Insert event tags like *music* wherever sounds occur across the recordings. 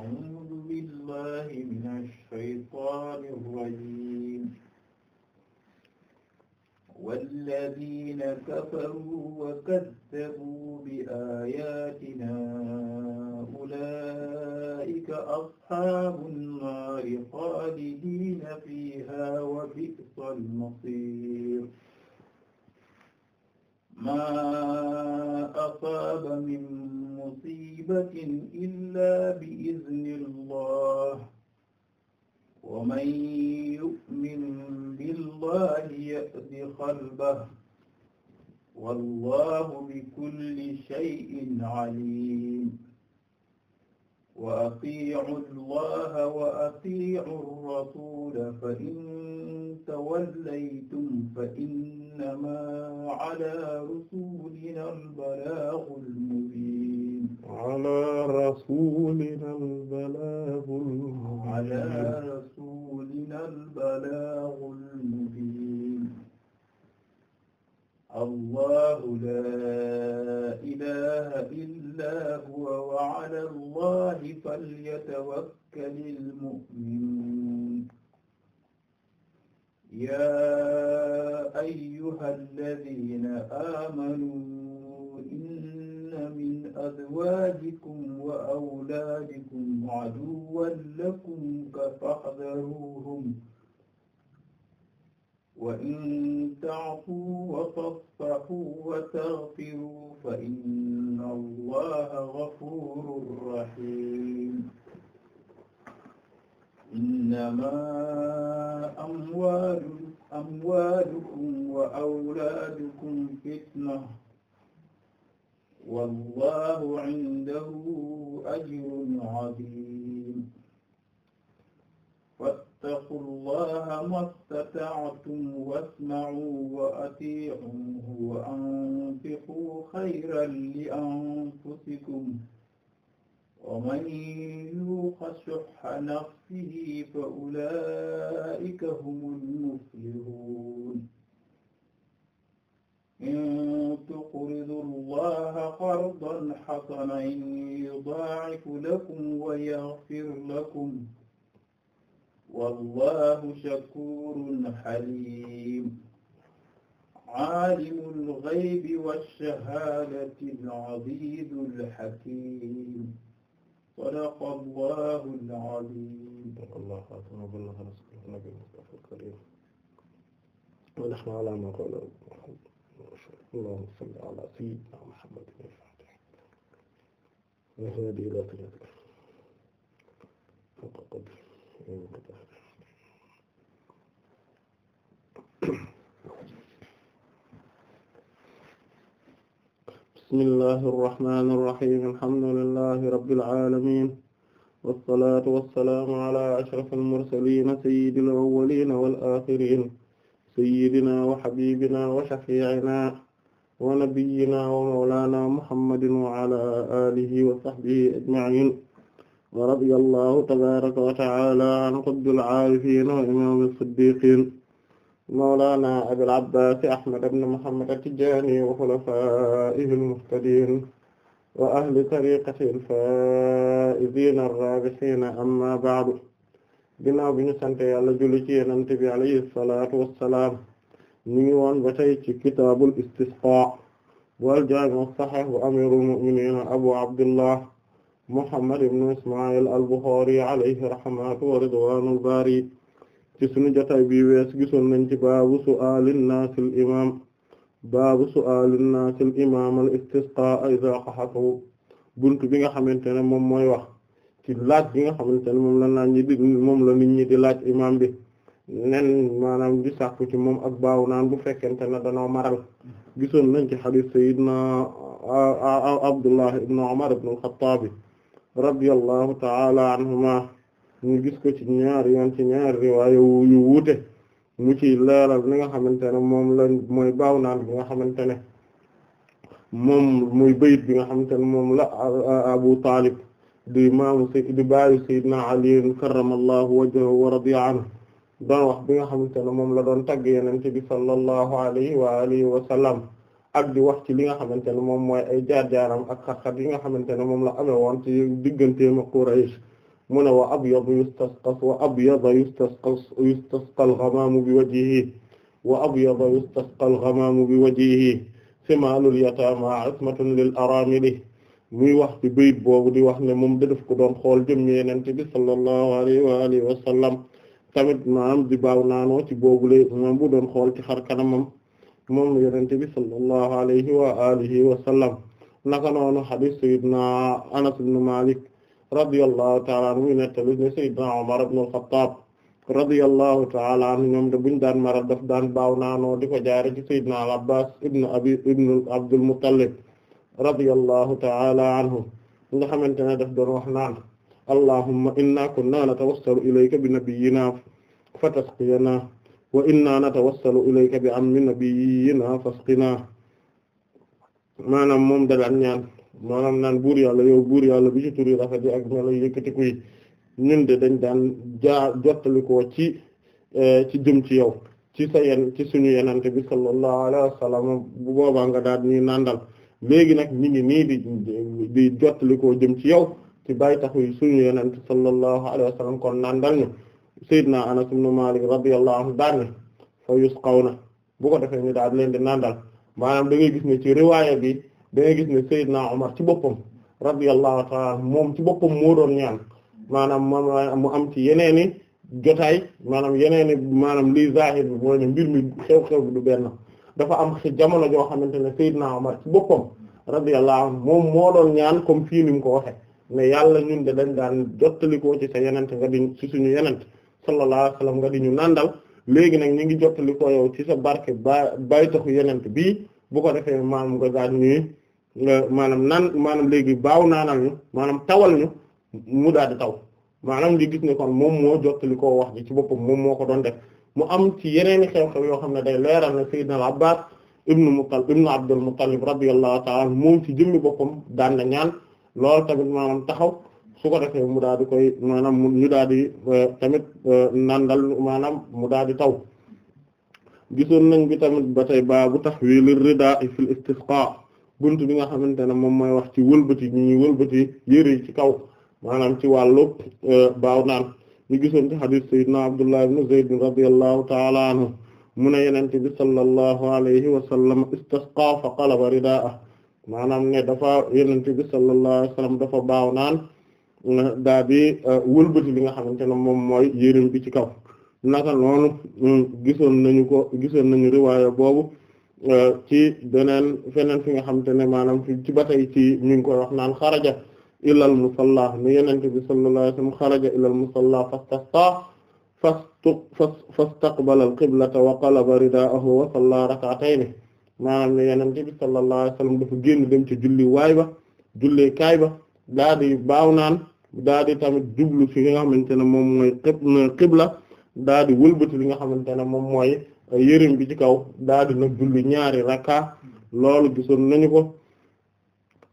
أعوذ بالله من الشيطان الرجيم والذين كفروا وكذبوا بآياتنا أولئك أصحاب النار خالدين فيها وبئس المصير ما أصاب من مصيبة إلا بإذن الله ومن يؤمن بالله يأت قلبه والله بكل شيء عليم wa atiicu llaaha wa atiicu rasuula fa in tawallaytum fa innamaa calaa rasuulinaa al-balaagul mubiin. calaa rasuulinaa al-balaagul mubiin. calaa rasuulinaa al-balaagul mubiin. allahu laa ilaaha illaa huwa wa ala allahi falyatawakkalil mu'minuun yaa ayyuhal laziina aamanuu inna min azwaajikum wa awlaadikum aduwwan lakum fahdharuuhum wa in ta'fu wa tasfahu wa taghfiru fa inna allaha ghafurun rahim innamaa amwaalukum amwaalukum wa awlaadukum fitna wallaahu 'indahu ajrun 'aziim wattaqullaha mastata'tum wasma'u wa ati'uhu wa anfiqu khayran li anfusikum wa man yuqa shuhha nafsihi fa ulaa'ika humul muflihuun in tuqridu allaha qardan hasanan yudaa'ifu lakum wa yaghfir lakum wallahu shakurun halim alimul ghaybi wash-shahadati al-azizul hakim sadaqallahul azim ونحن على ما قال اللهم صل على سيدنا محمد الفاتح وهدي إلى صراطك حق قدره bismillahi irrahmani irrahim alhamdulillahi rabbil alamin wassalatu wassalaamu ala ashrafil mursalin sayyidil awwalin wal akhirin sayyidina wa habibina wa shafi'ina wa nabiyyina wa mawlana muhammadin wa ala alihi wa sahbihi ajma'in wa radiyallahu tabaraka wa ta'ala an qutbil aarifiin wa imaam as-siddiqiin mawlaana abil abbaas ahmad ibn muhammad at-tijaani wa xulafaa'ihi al-muhtadiin wa ahli tariqatihi al-faa'iziin ar-raabihiin amma ba'du ginnaaw bi ñu sant yàlla julli ci Yonent bi alayhi salaatu wassalaam ñu ngi woon ba tey ci kitaabul istisqaa wal jaami' as-sahiih wa amiirul mu'miniin abu abdillah Muhammad ibn Ismaïl al-Bukhari alayhi rahmatu wa ridwanul bari ci sunu jotaay bi wees gisoon nañ ci baabu su'aalin naasil imaam baabu su'aalin naasil imaam al-istisqaa idaa qahatahu buntu bi nga xamante ne moom mooy wax ci laaj bi nga xamante ne moom la naan di moom la nit ñi di laaj imaam bi nen maanaam di sàkku ci moom ak baaw naan bu fekkente ne danoo maral gisoon nañ ci xadiis sayyidina Abdullah ibn Umar ibn al-Khattaab radiyallahu ta'ala anhuma ñu gis ko ci ñaari yoon ci ñaari riwaaya yu wuute mu ci leeral li nga xamante ne moom lañ mooy baaw naan bi nga xamante ne moom muy bayit bi nga xamante ne moom la Abu Talib di maamu say di baayu Sayyidina Ali karramallahu wajhahu wa radiya anhu doon wax bi nga xamante ne moom la doon tagg Yonent bi sallallahu alayhi wa alihi wa sallam ak di wax ci li nga xamante ne moom mooy ay jaar-jaaram ak xat-xat yi nga xamante ne moom la amee woon ci digganteema Quraysh mu ne wa abyadu yustasqas wa abyada yustasqas yustasqa al-ghamamu bi wajhihi wa abyada yustasqa al yatama ismatun lil aramili muy wax ci bayit boobu di wax ne moom da def ko doon xool jëm yeneen bi sallallahu alayhi wa alihi wa sallam tamit maanaam di baaw naanoo ci boobu la moom bu doon xool ci xar kanamam moom la yonent bi sallallahu alayhi wa alihi wa sallam naka noonu hadith sayyidina Anas ibn Malik radiyallahu ta'ala anhu nettali ne sayyidina Umar ibn al-Khattab radiyallahu ta'ala anhu ñoom de buñ daan maral daf daan baaw naanoo di ko jaare ci sayyidina al-Abbas ibn abi ibn Abdul Muttalib radiyallahu ta'ala anhu nga xamante ne daf doon wax naan allahumma inna kunna natawassalu ilayka bi nabiyyina fatasqiyana wa inna natawassalu ilayka bi ammi nabiyyina fasqina maanaam moom dalaan ñaan maanaam naan buur yàlla yow buur yàlla bi ci turi rafet ak melo yëkkatiku yi ñun de dañ daan jaa jottalikoo ci eh, ci jëm ci yow ci sa yen ci suñu yenante bi sallallahu alayhi wa bu boobaa nga daal ñuy nàndal léegi nag ñi ngi nii di jotlikoo jottalikoo jëm ci yow ci bàyyi taxu suñu yenante sallallahu alayhi wa kon nàndal ñu Seydina Anas ibn Malik radiyallahu anhu daan ne fa yusqawna bu ko defee ni daal leen di nandal maanaam da ngay gis ne ci riwaaya bi da ngay gis ne Seydina Omar ci boppam radiyallahu ta'ala moom ci boppam moo doon ñaan maanaam mu am ci yeneeni jotaay maanaam yeneeni maanaam lii zahir bi mooy ne mi xew-xew bi dafa am jamono joo xamante ne Seydina Omar ci boppam radiyallahu anhu moom moo doon ñaan comme fii ni mu ko waxe mais yàlla ñun de dañ daan jottalikoo ci sa yenente nga di ci suñu yenent sallallahu alayhi wa nga di ñu nandal léegi nag ñu ngi jottali ko yow ci sa barke ba bàyyi taxu yenent bii bu ko defee maanaam nga daal ñuy maanaam nan maanaam léegi baaw naanal ñu maanaam tawal ñu mu daal di taw maanaam li gis ne kon moom moo jottalikoo wax ji ci boppam moom moo ko doon def mu am ci yeneeni xew-xew yoo xam ne day leeral na Sayyidina al-Abbas ibnu Muttalib ibnu Abdul Muttalib radiyallahu ta'ala moom ci jëmmi boppam daan na ñaan loolu tamit maanaam taxaw su ko defee mu daal di koy maanaam mu ñu daal di euh, tamit euh, nandal maanaam mu daal di taw gisoon nañ bi tamit ba tey baabu tahwil ar-rida'i fil istisqa bunt bi nga xamante ne moom mooy wax ci wëlbati ñu ñuy wëlbati yëre yi ci kaw maanaam ci wàllu euh, baaw naan ñu gisoon ci hadith sayyidina Abdullah ibn Zayd radiyallahu ta'ala anhu mu ne yenente bi sallallahu alayhi wa sallam istisqa fa qalaba rida'ah maanaam ne a yenente bi sallallahu alayhi wa sallam dafa baaw naan daa di euh, wëlbati li nga xamante ne moom mooy yërim bi ci kaw naka noonu mm, gisoon nañu ko gisoon nañu riwaaya boobu euh, ci beneen feneen fi nga xamante ne maanaam ci ba tey ci ñu ngi koy wax naan xaraja ilal musalla nu yenente bi sallallahu alayhi wasallam xaraja ilal musalla fastasta fastu fastaqbala al qiblata wa qalaba ridaahu wa salla rak'atayn maanaam ne yenente bi sallallahu alayhi wasallam dafa génn dem ci julli waay ba jullee kaay ba daa di baaw naan daa di tamit jublu fi nga xamante ne moom mooy xibla daa di wëlbati li nga xamante ne moom mooy euh, yërim bi ci kaw daa di nag julli ñaari raka loolu gisoon nañu ko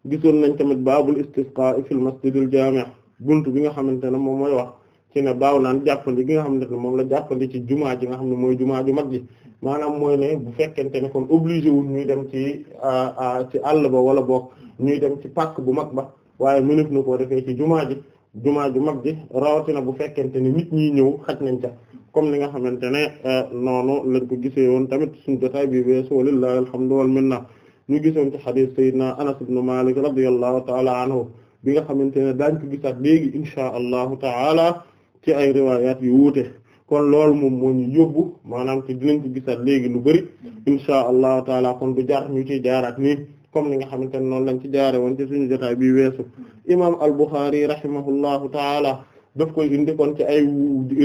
gisoon nañ tamit baabul istisqa fil masjidil jaami' buntu bi nga xamante ne moom mooy wax ci ne baaw naan jàppandi gi nga xamante ne moom la jàppandi ci jumaa ji nga xam ne mooy jumaa ju mag ji maanaam mooy ne bu fekkente ne kon obligé wul ñuy dem ci euh, euh, ci àll ba wala boog ñuy dem ci pàkk bu mag ba waaye mënef na koo defee ci jumaa ji jumaa ju mag ji rawatina bu fekkente ni nit ñi ñëw xaj nañ ca comme ni nga xamante ne euh, noonu lañ ko gisee woon tamit suñ jotaay bi weesu walillahi alhamdu wal minna ñu gisoon ci xadiis sayyidina Anas ibn Malik radiyallahu ta'ala anhu bi nga xamante ne daañ ko gisaat léegi inshaa allahu ta'ala ci ay riwaayaat yu wuute kon lool moom moo ñu yóbbu maanaam ci dinañ ko gisaat léegi lu bari inshaa allahu ta'ala kon du jaar ñu ciy jaaraat nii comme ni nga xamante ne noonu lañ ci jaare woon ci suñu jotaay al-Bukhari rahimahullahu taala daf koy indi kon ci ay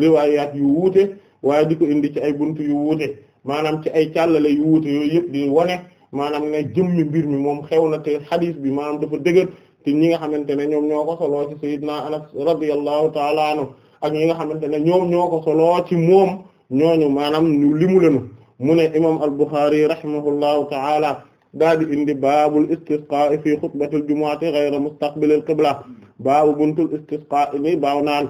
riwaayaat yu wuute waaye di ko indi ci ay buntu yu wuute maanaam ci ay càllale yu wuute yo yëpp di wane maanaam ne jëmmi mbir mi moom xew na te xadiis bi maanaam dafa dëgër te ñi nga xamante ne ñoom ñoo ko soloo ci Seydina Anas radiyallahu ta anhu ak ñi nga xamante ne ñoom ñoo ko soloo ci moom ñooñu maanaam ñu limu lenu mu al-Bukhari rahimahullahu taala daa di indi baabul istisqaa fi xutbatil jumu'ati ghayra mustaqbilil qibla baabu buntul istisqaa ni baaw naan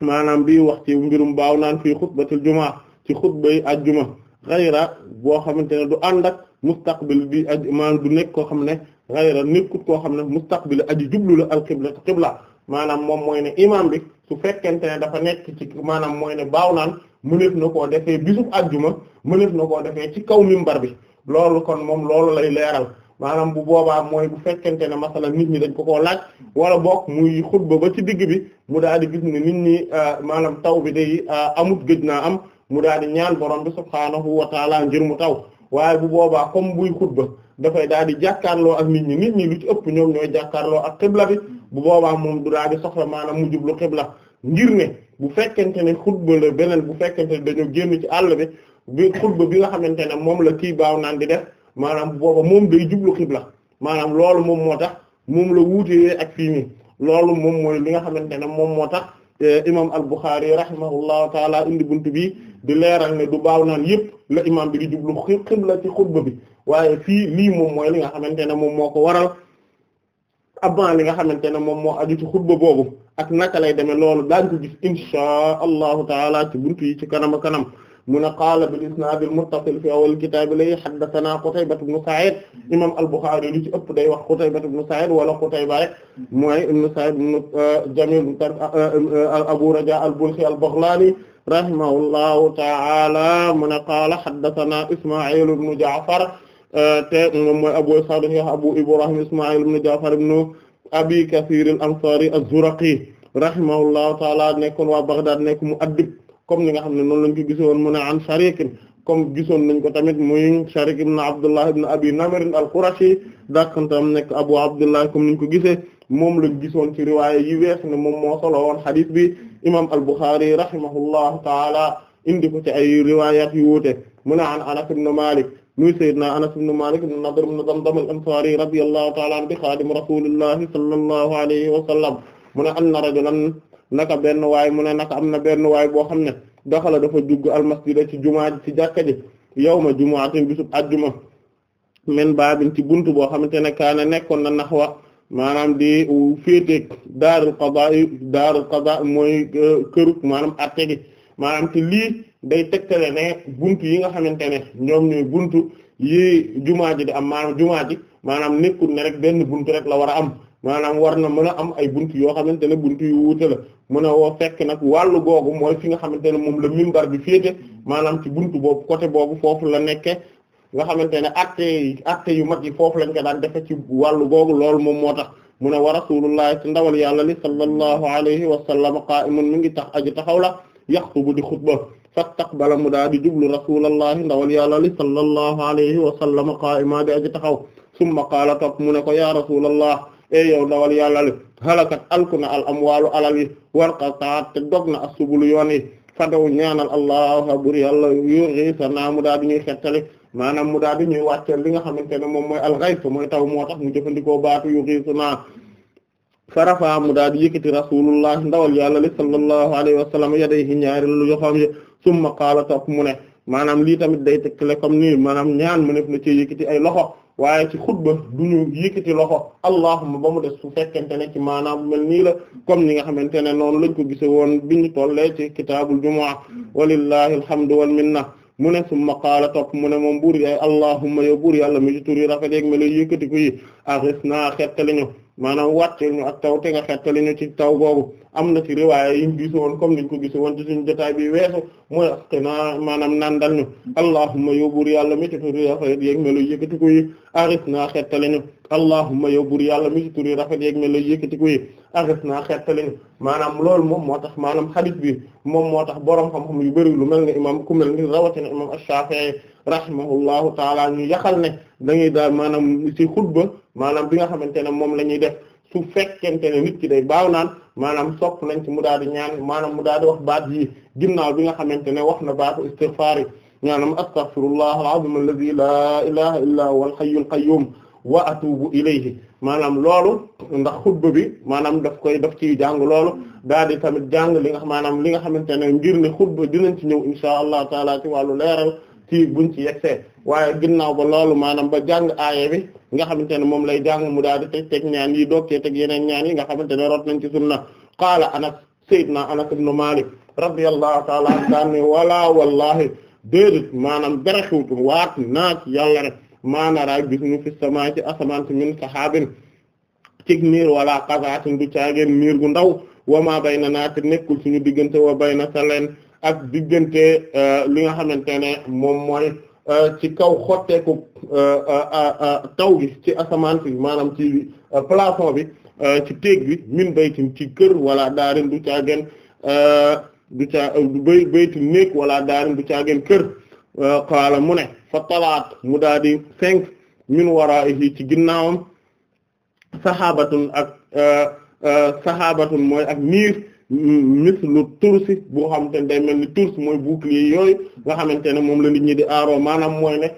maanaam bi wax ci mbirum baaw naan fii xutbatil jumu'a ci xutbay ajjuma ghayra boo xamante ne du ànd ak mustaqbil bi aj maanaam du nekk koo xam ne ghayra nekkut koo xam ne mustaqbil aji jublu la al qibla qibla maanaam moom mooy ne imaam bi su fekkente ne dafa nekk ci maanaam mooy ne baaw naan mëneef na koo defee bisub ajjuma mëneef na koo defee ci kaw bar bi loolu kon moom loolu lay leeral maanaam bu boobaa mooy bu fekkente ne masala nit ñi dañ ko koo laaj wala boog muy xutba ba ci digg bi mu daal di gis ne nit ñi euh, maanaam taw bi day euh, amut gëj naa am mu daal di ñaan borom bi subhaanahu wa taala ngir mu taw waaye bu boobaa comme buy xutba dafay daal di jàkkaarloo ak nit ñi nit ñi lu ëpp ñoom ñooy jàkkaarloo ak xibla bi bu boobaa moom du daal soxla maanaam mu jublu xibla ngir ne bu fekkente ne xutba la beneen bu fekkente ne dañoo génn ci àll bi biir xutba bi nga xamante ne moom la kii baaw naan di def maanaam booba moom di jublu xibla maanaam loolu moom moo tax moom la wuutee ak fii nii loolu moom mooy li nga xamante ne moom moo tax eh, imam al-Bukhari rahimahullahu taala indi bunt bi di leeral ne du baaw naan yëpp la imam bi di jublu xibla ci xutba bi waaye fii lii moom mooy li nga xamante ne moom moo ko waral avant li nga xamante ne moom moo aju ci xutba boobu ak naka lay demee loolu daañ ko gis inshaa allahu taala ci buntu yi ci kanam kanam mu ne qaala bil isnaadil muttasil fi awwal kitaab li haddathanaa Qutayba ibn Sa'iid imaam al-Bukhârî li ci ëpp day wax Qutayba ibn Sa'iid wala Qutayba rek mooy ibn Sa'iid ibn euh, Jamiil euh, euh, Abu Rajaa al-Balkhi al-Baghlaani rahimahullahu ta'aala mu ne qaala haddathanaa Ismaa'iil ibn Ja'far te moom mooy Abu Ishaaq Abu Ibraahiim Ismaa'iil ibn Ja'far ibn Abi Kasiir al-Ansaari az-Zuraqi rahimahullahu ta'aala nekkoon waa Baghdad nekk mu'addib comme ni nga xam ne noonu lañ ko gisoon mu ne an gisoon nañ ko tamit muy Sharik ibn Abdullah ibn Abi Namir al-Qurashi dàkantam nekk Abu Abdullah comme niñ ko gisee moom lañ gisoon ci riwaaya yi wees ne moom moo solo woon xadis bi imam al-Bukhari rahimahullahu taala indi ko ci ay riwayat yu wuute mu ne an Anas ibn Malik muy Seydina Anas ibn Malik ibn Nadr ibn Damdam al-Ansari radiyallahu taala an bi xaadim rasulillahi sallallahu alayhi wa sallam mu ne anna rajulan naka benn waay mu ne naka am na benn waay boo xam ne daxala dafa dugg almasjida ci jumaa ji ci jàkka ji yawma jumu'atin bisub ajjuma min baabin ci buntu boo xamante ne kaana nekkoon na naxwa maanaam di féeteeg daarul qadaa daarul qadaa mooy euh, kërug maanaam atte gi maanaam te lii day tegtale ne buntu yi nga xamante ne ñoom ñooy buntu yi jumaa ji di am maanaam jumaa ji maanaam nekkul ne rek benn buntu rek la war a am maanaam war na mën a am ay buntu yoo xamante ne buntu yu wuute la a woo fekk nag wàllu googu mooy fi nga xamante ne moom la mimbar bi féete maanaam ci buntu boobu côté boobu foofu la nekke nga xamante ne acte yi yu mag yi foofu lañ ko daan defe ci wàllu googu loolu moom moo tax mu ne wa rasulullahi te ndawal yàlla li sallallahu alayhi wa sallam qa'imun mi ngi tax aji taxaw la yaxtubu di xutba fastaqbala mu daa di jublu rasulallahi ndawal yàlla li sallallahu alayhi wa sallam qa'iman di aji taxaw summa qaala topp mu ne ko ya rasulallah e yow dawal yàlla li halakat alku na al amwaalu alal yi warqataat te dog na assubulu yoon yi fadaw ñaanal allah bur yàlla mu daa di ñuy xettali maanaam mu daa di ñuy wàcceel li nga xamante ne moom mooy alxays mooy taw moo tax mu jëfandikoo baatu yuri sa naa farafa mu daa di yëkkati rasulullah ndawal yàlla li sallallahu alayhi wa sallam yadayhi ñaari lu joxam yi summa qaala topp mu ne maanaam lii tamit day tekkale comme nii maanaam ñaan mu nekk na ci yëkkati ay loxo waaye ci xutba duñu yëkkati loxo allahuma ba mu des su fekkente ne ci mu mel nii la comme ni nga xamante ne noonu lañ ko gise woon bi ñu tollee ci kitaabul jumaa walillahi alhamdu wal minna mu ne summa qaala topp mu ne moom buur yaay allahuma yo buur yàlla mi ci tur yi rafet yeeg me lay yëkkati ko yi aris naa xettali ñu maanaam wàcce ñu ak taw te nga xettali ñu ci taw boobu am na ci riwaaya yi ñu gis woon comme niñ ko gis woon ci suñu jotaay bi weesu mooy asqinaa maanaam nandal ñu allahumma yow buur yàlla mi ci turi rafet yeeg melo yëkkati ko yi aris naa xettali ñu allahumma yow buur yàlla mi ci turi yeeg melo yëkkati ko yi naa xettali maanaam loolu moom moo tax maanaam hadith bi moom moo tax borom xam-xam yu bëri lu mel ne imam ku mel ni rawatina imam Ash-Shafi'i rahimahullahu taala ñu yaxal ne dañuy daal maanaam ci xutba maanaam bi nga xamante ne moom la ñuy def su fekkente ne nit ki day baaw naan maanaam sopp nañ ci mu daal ñaan maanaam mu daal wax baat yi ginnaaw bi nga xamante ne wax na baatu istighfar yi ñaanam astaghfirullah al-azim alladhi la ilaha illa huwa al-hayyul qayyum wa atubu ilayhi maanaam loolu ndax xutba bi maanaam daf koy daf ci jàng loolu daal di tamit jàng li nga maanaam li nga xamante ne ngir ne xutba dinañ ci ñëw insha allah taala ci wàllu leeral ci buñ ci yegsee waaye ginnaaw ba loolu maanaam ba jàng aaya bi nga xamante ne moom lay jàng mu daal di teg teg ñaan yi doog cee teg yeneen ñaan yi nga xamante ne rot nañ ci sunna qaala anas sayyidna anas ibn malik radiyallahu ta'ala an daan ne walaa wallahi déedét maanaam berexutu waat naa ci yàlla rek maanaraay gis ñu fi sama ci asamaan min sahaabin cig niir wala xasaatin du caageen niir gu ndaw wama bay na naate ci suñu diggante wa bay na saleen ak diggante euh, li nga xamante ne moom mooy euh, ci kaw xotteeku euh, taw gi ci asamaan fi maanaam ci plafond bi ci téeg bi min baytin ci kër wala daarin du caagen du caa bay baytin néeg wala daarin du caagen kër qaala mu ne fa talaat mu daa di cinq min waraa'ihi ci ginnaawam saxaabatun ak saxaabatun mooy ak niir mis lu tursi boo xamante ne day mel ni tursi mooy bouclier yooyu nga xamante ne moom la nit ñi di aaroo maanaam mooy ne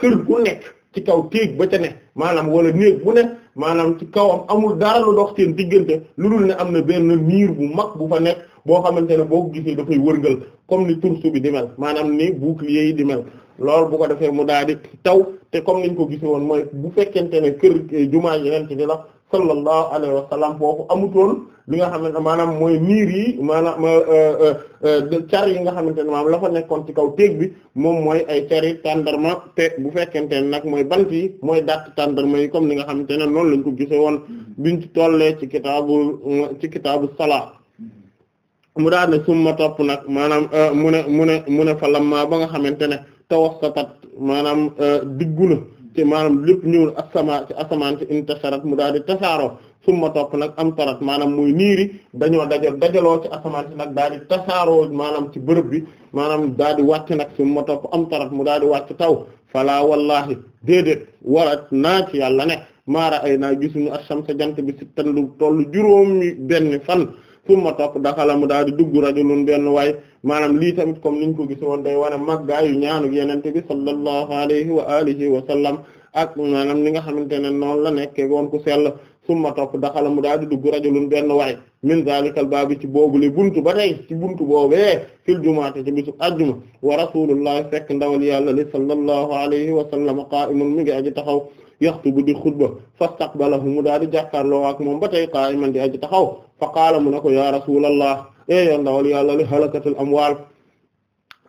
kër gu nekk ci kaw téeg ba ca ne maanaam wala néeg bu ne maanaam ci kawam amul daal lu dox seen diggante lu dul ne am na benn miir bu mag bu fa nekk boo xamante ne boo ko gisee dafay wërngal comme ni tursu bi di mel maanaam ni bouclier yi di mel loolu bu ko defee mu daal di taw te comme niñ ko gisee woon mooy bu fekkente ne kër jumaa yeneen ci di la sallallahu alayhi wa sallam foofu amutoon li nga xamante maanaam mooy niir yi maanaam euh, euh, euh, car yi nga xamante ne maam la nekkoon ci kaw téeg bi moom mooy ay cari tàndarma te bu fekkente ne nag mooy bant yi mooy datt tàndarma yi comme ni nga xamante ne noonu lañ ko gise woon biñ ci tollee ci kitaabu ci kitaabu salaa mu daal ne summa topp nag maanaam mu ne mu ne mu ne falamma ba nga xamante ne tawasatat maanaam diggu na ci maanaam lépp ñëw asama ci asamaan ci intasharat mu daal di tasaaroo summa topp nag am tarat maanaam muy niiri dañoo dajal dajaloo ci asamaan si nag daal di tasaaroo maanaam ci bërëb bi maanaam daal di wàcc nag summa topp am tarat mu daal di wàcc taw fala wallahi déedéet warat naa ci yàlla ne maara ay naa gisuñu ak samsa jant bi si tandu tollu juróomi benn fan summa topp daxala mu daal di dugg rajulun benn waay maanaam lii tamit comme niñ ko gisoon day wane màggaayu ñaanu yenente bi sallallahu alayhi wa alihi wa sallam ak maanaam ni nga xamante ne noonu la nekkee woon ku sell summa topp daxala mu daal di dugg rajulun benn waay min zalikal baabi ci boobu boobule buntu ba tey ci buntu boobee fil jumaate ci bisu ajjuma wa rasulullah fekk ndawal yàlla li sallallahu alayhi wa sallam qa'imun mi ngi aji taxaw yaxtubu di xutba fastaqbalahu mu daal di jàkkaarloo ak moom ba tey qa'iman di aji taxaw fa qaala mu na ko ya rasulallah e eh, yoon ndawal yàlla li halakatul amwaal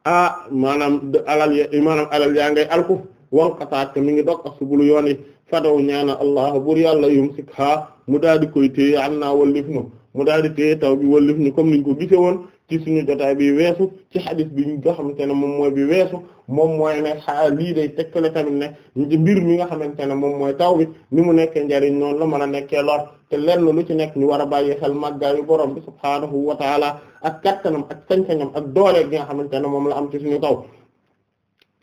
ah maanaam alal maanaam alal yaa ngay alku wanqataat te mi ngi dog asubulu yoon yi fadaw ñaana allah bur yàlla yumsikha mu daal di koy téye an naa wallif nu mu daal taw wallif ñu comme niñ ko gise woon ci suñu jotaay bi weesu ci xadis bi nga xamante ne moom mooy bi weesu moom mooy ne xaa lii day tekkale tamit ne mbir mi nga xamante ne moom mooy taw bi ni mu nekkee njariñ noonu la mën a nekkee lool te lenn lu ci nekk ñu war a bàyyi xel màggaayu borom bi subhaanahu wa taala ak kattanam ak sañ-sañam ak doole gi nga xamante ne moom la am ci suñu kaw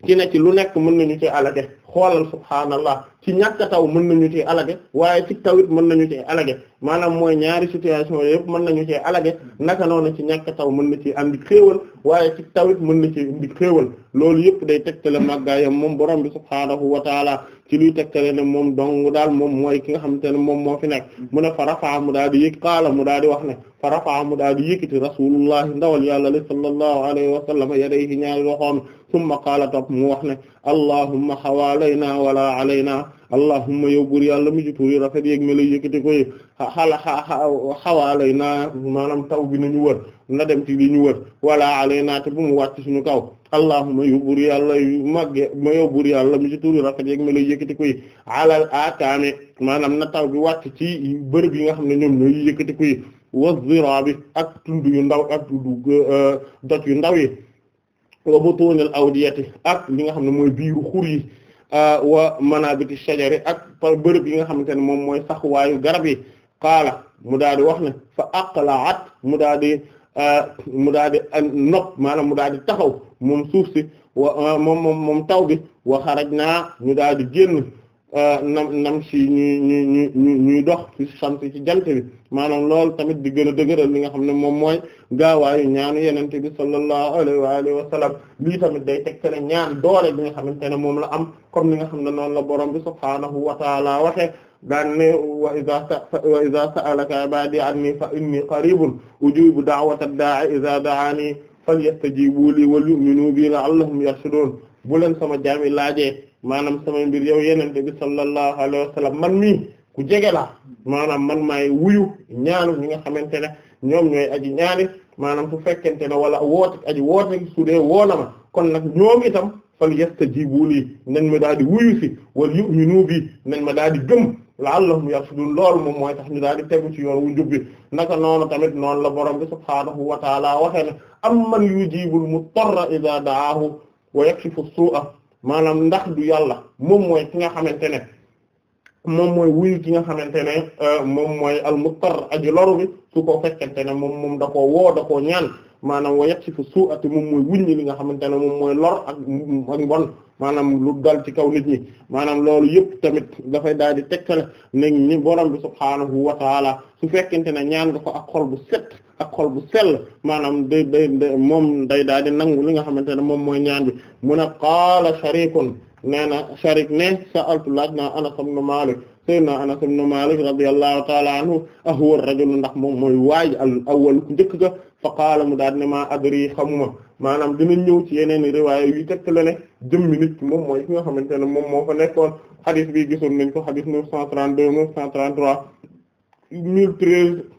ci ne ci lu nekk mën nañu ci alate xoolal subhaanallah ci ñàkk taw mën nañu cee alage waaye ci tawit mën nañu cee alage maanaam mooy ñaari situation yëpp mën nañu cee alage naka noonu ci ñàkk taw mën na ci andi xéewal waaye ci tawit mën na ci indi xéewal loolu yëpp day tegtale màggaayam moom borom bi subhaanahu wa taala ci luy tegtale ne moom dong daal moom mooy ki nga xamante ne moom moo fi nekk mu ne fa rafaa mu daal di yëg qaala mu daal di wax ne fa rafaa mu daal di yëkkati rasulullahi ndawal yàlla li sallallahu alayhi wa yare yadayhi ñaari loxoom summa qaala topp mu wax ne allahumma xawaalayna wala alaynaa allahumma yow buur yàlla mu ci turi rafet yeeg melo yëkkati koy xala xawaalay naa maanaam taw bi nañu wër na dem ci li ñu wër wala alay naa te mu wàcc suñu kaw allahumma yow buur yàlla yu màgge ma yow buur yàlla mu ci turi rafet yeeg melo yëkkati koy alal aataame maanaam na taw bi wàcc ci bërëb yi nga xam ne ñoom ñooy yëkkati koy wazira bi ak tund yu ndaw ak tund euh, yu ndaw yi wa butunil awdiyati ak li nga xam ne mooy biiru xur yi wa manabiti shajari ak bërëb yi nga xamante ne moom mooy saxuwaayu garab yi qaala mu daal di wax ne fa aqlaat mu daal di mu daal di nopp maanaam mu daal di taxaw moom suuf si wa moom moom moom taw bi wa xarajnaa ñu daal di génn Euh, nam nam si ñuy ñuy ñuy ñuy dox fi sant ci jant bi maanaam loolu tamit di gën a dëgëral li nga xam ne moom mooy gaawaayu ñaanu yenente bi sallallahu alayhi wa alihi wa sallam lii tamit day tegtale ñaan doole bi nga xamante ne moom la am comme li nga xam ne noonu la borom bi subhaanahu wa ta'ala waxe daan ne wa iza wa iza sa'alaka ibadi anni fa inni qaribun ujibu da'wata da'i iza da'ani falyastajibu li wal yu'minu bi la'allahum yarshudun bu leen sama jaami laajee maanaam samay mbir yow yenente bi sallallahu alayhi wa sallam man mii ku jege la maanaam man maay wuyu ñaanu ñi nga xamante ne ñoom ñooy aji ñaani maanaam su fekkente ne wala woote aji woote su dee woo na ma kon nag ñoom itam fal yastajibu lii nañ ma daal di wuyu si wal yu'minu bi nañ ma daal di gëm la'allahum yarshudun loolu moom mooy tax ñu daal di tegu ci yoon wu jubbi naka noonu tamit noonu la borom bi subhaanahu wa taala waxee ne amman yujibul mutarra idha da'aahu wa yakshifu su'a maanaam ndax du yàlla moom mooy ki nga xamante ne moom mooy wuyu ki nga xamante ne euh, moom mooy almuttar aji loru bi su ko fekkente ne moom moom da ko woo da koo ñaan maanaam wa yakshifu su'ati moom mooy wuññi li nga xamante ne moom mooy lor ak ak mbon maanaam lu dal ci kaw nit ñi maanaam loolu yëpp tamit dafay daal di tegtale nag ñi borom bi subhaanahu wa taala su fekkente ne ñaan nga ko ak xol bu set ak xol bu sell maanaam day day moom nangu li nga xamante ne moom mooy ñaan bi mu ne qaala sharikun nee na sharik ne sa'altu laaj naa Anas ibn Malik sayyidina Anas ibn Malik radiyallahu ta'ala anhu ahuwa ar-rajul ndax moom mooy waaj al awwal ku njëkk ga fa qaala mu daal ne maa adri xamuma maanaam dinañ ñëw ci yeneen riwaaya yu tekk la ne jëmmi nit ki moom mooy ki xamante ne moom moo fa nekkoon xadis bi gisoon nañ ko xadis 932 933 1013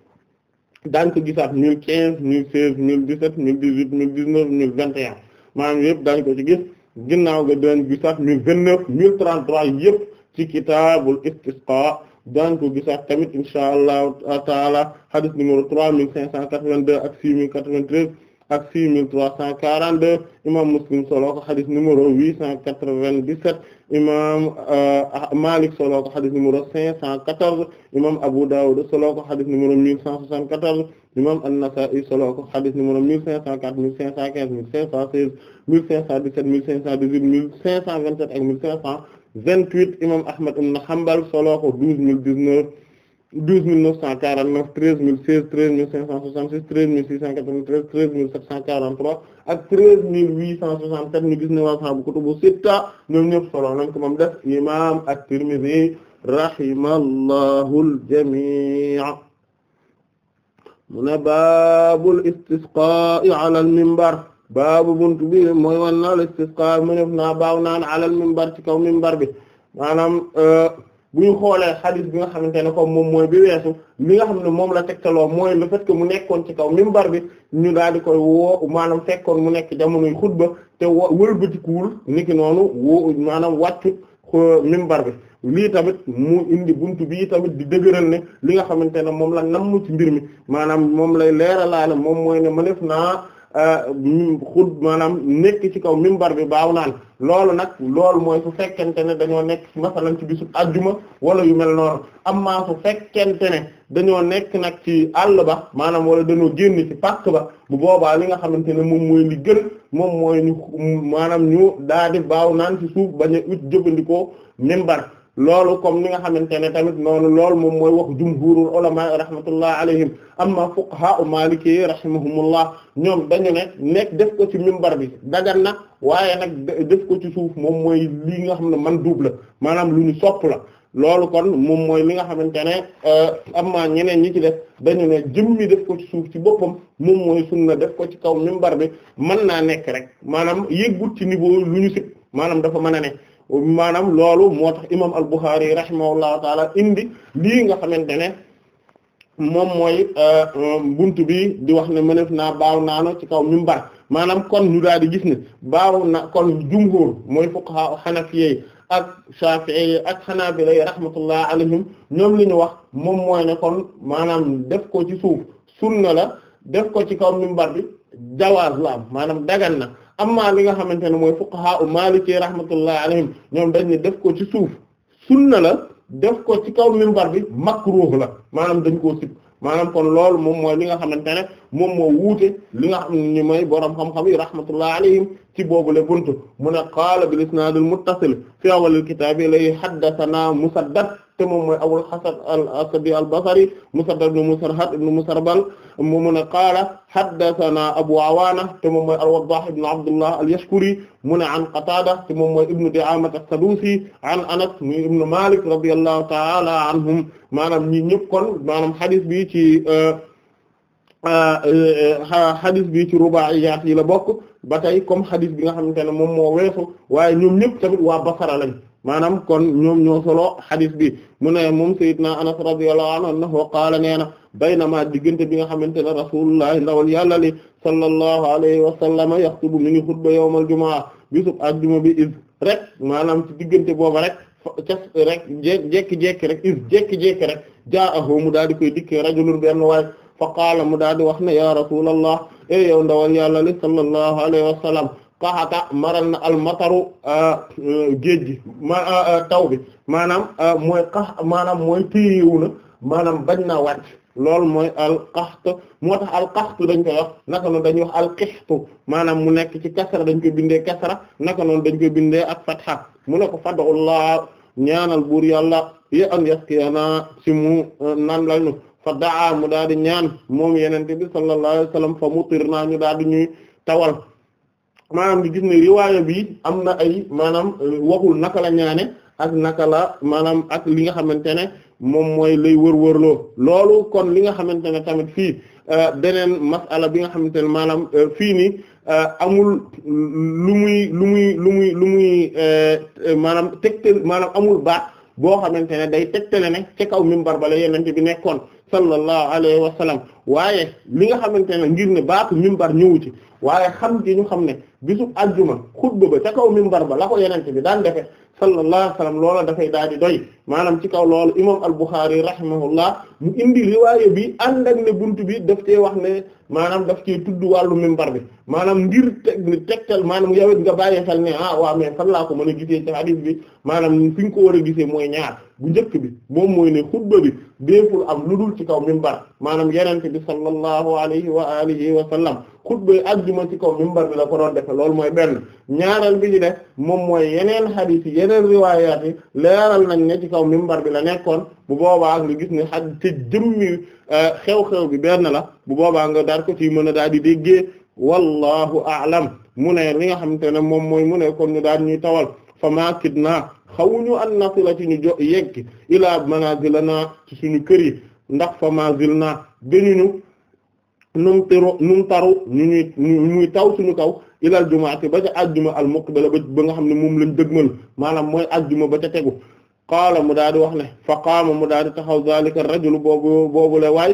daañ ko gisaat mille quinze mille seize mille dix-sept mille dix-huit mille dix-neuf mille vingt et un maanaam yëpp daañ ko ci gis ginnaaw ga daañ gisaat mille vingt-neuf mille trente-trois yëpp ci kitaabul istisqa daañ ko gisaat tamit insha allahu taala hadith numéro trois mille cinq cent quatre-vingt-deux ak six quatre-vingt-treize ak six mille trois cent quarante deux imam Muslim solo ko xadis numéro huit cent quatre vingt dix sept imam euh, ah, Malik solo ko xadis numéro cinq cent quatorze imam Abu Dawud solo ko xadis numéro mille cent soixante quatorze imam An-Nasa'i solo ko xadis numéro mille cinq cent quatre mille cinq cent quinze mille cinq cent seize mille cinq cent dix sept mille cinq cent dix huit mille cinq cent vingt sept ak mille cinq cent vingt huit imam Ahmad ibn Hanbal solo ko douze mille neuf cent quarante neuf treize mille seize treize mille cinq cent soixante six treize mille six cent quatre vingt treize treize mille sept cent quarante trois ak treize mille huit cent soixante sept ñu gis ne waa sahaabu kutubu sitta ñoom ñëpp solo nañ ko moom def imam at-Tirmidhi rahimallahu al-jami' mu ne baabul istisqaa'i ala al-minbar baabu buntu bi mooy wan na al-istisqaa'i mu ne naa baaw naan ala al-minbar ci kaw minbar bi maanaam euh, bu ñu xoolee hadith bi nga xamante ne comme moom mooy bi weesu li nga xam ne moom la tegtaloo mooy la fait que mu nekkoon ci kaw minbar bi ñu daal di koy woo maanaam fekkoon mu nekk jamonoy xutba te wëlbatikuwul niki noonu woo maanaam wàccu minbar bi lii tamit mu indi bunt bii tamit di dëgëral ne li nga xamante ne moom la mu ci mbir mi maanaam moom lay laa ne moom mooy ne mëneef naa xud maanaam nekk ci kaw mimbar bi baaw naan loolu nag loolu mooy su fekkente ne dañoo nekk masalan ci bisub ajjuma wala yu mel noonu maa su fekkente ne dañoo nekk nag ci àll ba maanaam wala dañoo génn ci pàkk ba bu boobaa li nga xamante ne moom mooy li gën moom mooy ñu maanaam ñu daal di baaw naan ci suuf bañ a ut jëfandikoo mimbar loolu comme ni nga xamante ne tamit noonu loolu moom mooy wax jumhurul ulama rahmatullah alayhim amma fuqaha maliki rahimahumullah ñoom dañu ne nekk def ko ci minbar bi dagan na waaye nag def ko suuf moom mooy li nga xam ne man duub la maanaam lu ñu sopp la loolu kon moom mooy li nga xamante ne euh, amma ñeneen ñi ci def dañu ne jëmmi def ko ci suuf ci boppam moom mooy sunna def ko ci kaw minbar bi mën naa nekk rek maanaam yëggut ci niveau lu ñu sit maanaam dafa mën a ne maanaam loolu moo tax imam al-Bukhari rahimahullahu taala indi lii nga xamante ne moom mooy euh, bunt bi di wax ne mënef naa baaw naano ci kaw minbar maanaam kon ñu daal di gis ne baaw na kon jumhur mooy fuqaha hanafiyyi ak shafi'i ak hanabila rahmatullah alayhim ñoom li ñu wax moom mooy ne kon maanaam def ko ci suuf sunna la def ko ci kaw minbar bi jawaaz la am maanaam dagan na amma li nga xamante ne mooy fuqaha u maliki rahmatullah alayhim ñoom dañu ne def ko ci suuf sunna la def ko ci kaw minbar bi makruh la maanaam dañ koo sib maanaam kon lool moom mooy li nga xamante ne moom moo wuute li nga xam ni mooy boroom xam-xam yi rahmatullah alayhim ci boobu le buntu mu ne qaala bil isnaadil muttasil fi awwalil kitaabi lay haddathana musaddad te moom mooy Abul Hasan al-Asadi al-Basri Musaddad ibn Musarhad ibn Musarbal moom mu ne qaala haddathana Abu Awaana te moom mooy al-Waddah ibn Abdullah al-Yashkuri mu ne an Qatada te moom mooy ibn Di'aama as-Sadusi an Anas mu ibn Malik radiyallahu ta'ala anhum maanaam ñi ñëpp kon maanaam hadith bi ci hadith euh, euh, euh, bi ci rubaa'iyaat yi la bokk ba tey comme hadith bi nga xamante ne moom moo weesu waaye ñoom ñëpp tamit waa Basra lañ maanaam kon ñoom ñoo solo bi mu ne moom sayyidna anas radiyallahu anhu qaala nee na baynama diggante bi nga xamante ne rasulullah ndawal yàlla li sallallahu alayhi wa sallama yaxtubu mi ngi xutba yawmal jumaa bisub àjjuma bi is rek maanaam ci diggante booba rek cas rek jekki-jekki rek is jekki-jekki rek jaahu mu daal di koy dikkee rajulun benn waay fa qaala mu daal di wax ne ya rasulallah e yow ndawal yàlla li sallallahu alayhi wa sallam saxata maral na almataru euh, euh, géej gi ma euh, taw bi maanaam mooy xax maanaam mooy téyewu na maanaam bañ na wàcc loolu mooy alqaxt moo tax alqaxtu dañ koy wax naka noonu dañuy wax alqixtu maanaam mu nekk ci kasra dañ koy bindee kasra naka noonu dañ koy bindee ak fatxa mu ne ko fadullah ñaanal buur yàlla ye an yaskiyana si mu nan lal nu fa daa mu daal di ñaan moom yenente bi sallallahu alayhi wasallam fa mutir naa ñu daal di ñuy tawal maanaam di gis ne riwaaya bi am na ay maanaam waxul naka la ñaane ak naka la maanaam ak li nga xamante ne moom mooy lay wër-wërloo loolu kon li nga xamante ne tamit fii euh, beneen masala bi nga xamante ne maanaam euh, fii nii euh, amul lu muy lu muy lu muy lu muy maanaam tegtal maanaam amul baax boo xamante ne day tegtale ne ci kaw mimbar bala yenente bi nekkoon sallallahu alayhi wa sallam waaye li nga xamante ne ngir ne baatu mimbar ñëwu ci waaye xam gi ñu xam ne bi bisu ajjuma xutba ba ca kaw mimbar ba la ko yenente bi daan defe sallallahu alayhi wa sallam loola dafay daal di doy maanaam ci kaw loolu imam al-Bukhari rahimahullah mu indi riwaaya bi ànd ak ne bunt bi daf cee wax ne maanaam daf cee tudd wàllu mimbar bi maanaam ngir teg tegtal maanaam yawet nga bàyyi xel ne ah waa mais fan laa ko mën a gisee ci hadith bi maanaam fi nga ko war a gisee mooy ñaar bu njëkk bi moom mooy ne xutba bi deeful am lu dul ci kaw mimbar maanaam yeneen bi sallallahu alayhi wa alihi wa sallam xutbay ajjuma ci kaw minbar bi la ko doon defe loolu mooy benn ñaareel bi ñu def moom mooy yeneen xadiis yi yeneen riwaayaat yi leeral nañ ne ci kaw minbar bi la nekkoon bu boobaa nga gis ne xaj te jëmmi euh, xew-xew bi benn la bu boobaa nga dar ko ci mën a daal di déggee wallahu a'lam mu ne li nga xamante ne moom mooy mu ne kon ñu daal ñuy tawal fa maakid naa xawuñu an nasila ci ñu jo yegg ilaa manazilana ci suñu kër yi ndax fa mazil naa gënuñu num tiru num taru ñu ñuy taw suñu kaw ilal jumaati ba ca ajjuma al muqbala ba ba nga xam ne moom lañ dëgmal maanaam mooy ajjuma ba ca tegu qaala mu daal di wax ne fa qaama mu daal di taxaw zalika rajul boobu boobu la waay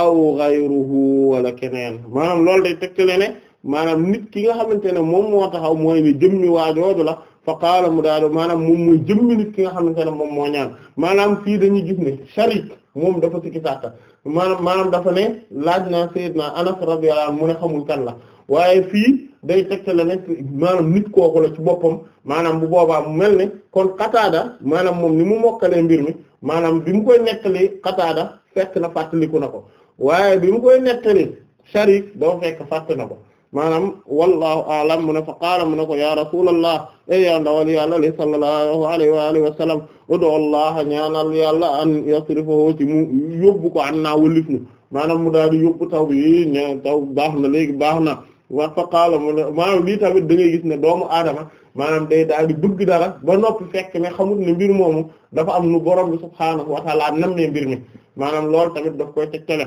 aw ghayruhu wala keneen maanaam loolu day tegtale ne maanaam nit ki nga xamante ne moom moo taxaw mooy ni jëmmi waajooju la fa qaala mu daal maanaam moom mooy jëmmi nit ki nga xamante ne moom moo ñaan maanaam fii dañuy gis ne sharik moom dafa sikki sàkka maanaam maanaam dafa ne laaj naa Seydina Anas radiyallahu mu ne xamul kan la waaye fii day tegtale ne maanaam nit kooku la ci boppam maanaam bu boobaa mu mel ne kon Qataada maanaam moom ni mu mokkalee mbir mi maanaam bi mu koy nettali Qataada fekk na fàttaliku na ko waaye bi mu koy nettali Sharik dafa fekk fàtte na ko maanaam wallahu a'lam mu ne fa qaala mu ne ko ya rasulallah e ya ndawal yàlla li sallallahu alayhi wa alihi wa sallam udu allah ñaanal yàlla an yasrifahu ci mu yóbbu ko an naa wëllif maanaam mu daal di taw bi ña taw baax na léegi baax na wa fa qaala mu ne tamit da ngay gis ne doomu aadama maanaam day daal di bëgg dara ba noppi fekk ne xamut ne mbir moomu dafa am nu borom bi subhaanahu wa ta'ala nam mbir mi maanaam loolu tamit daf koy tegtale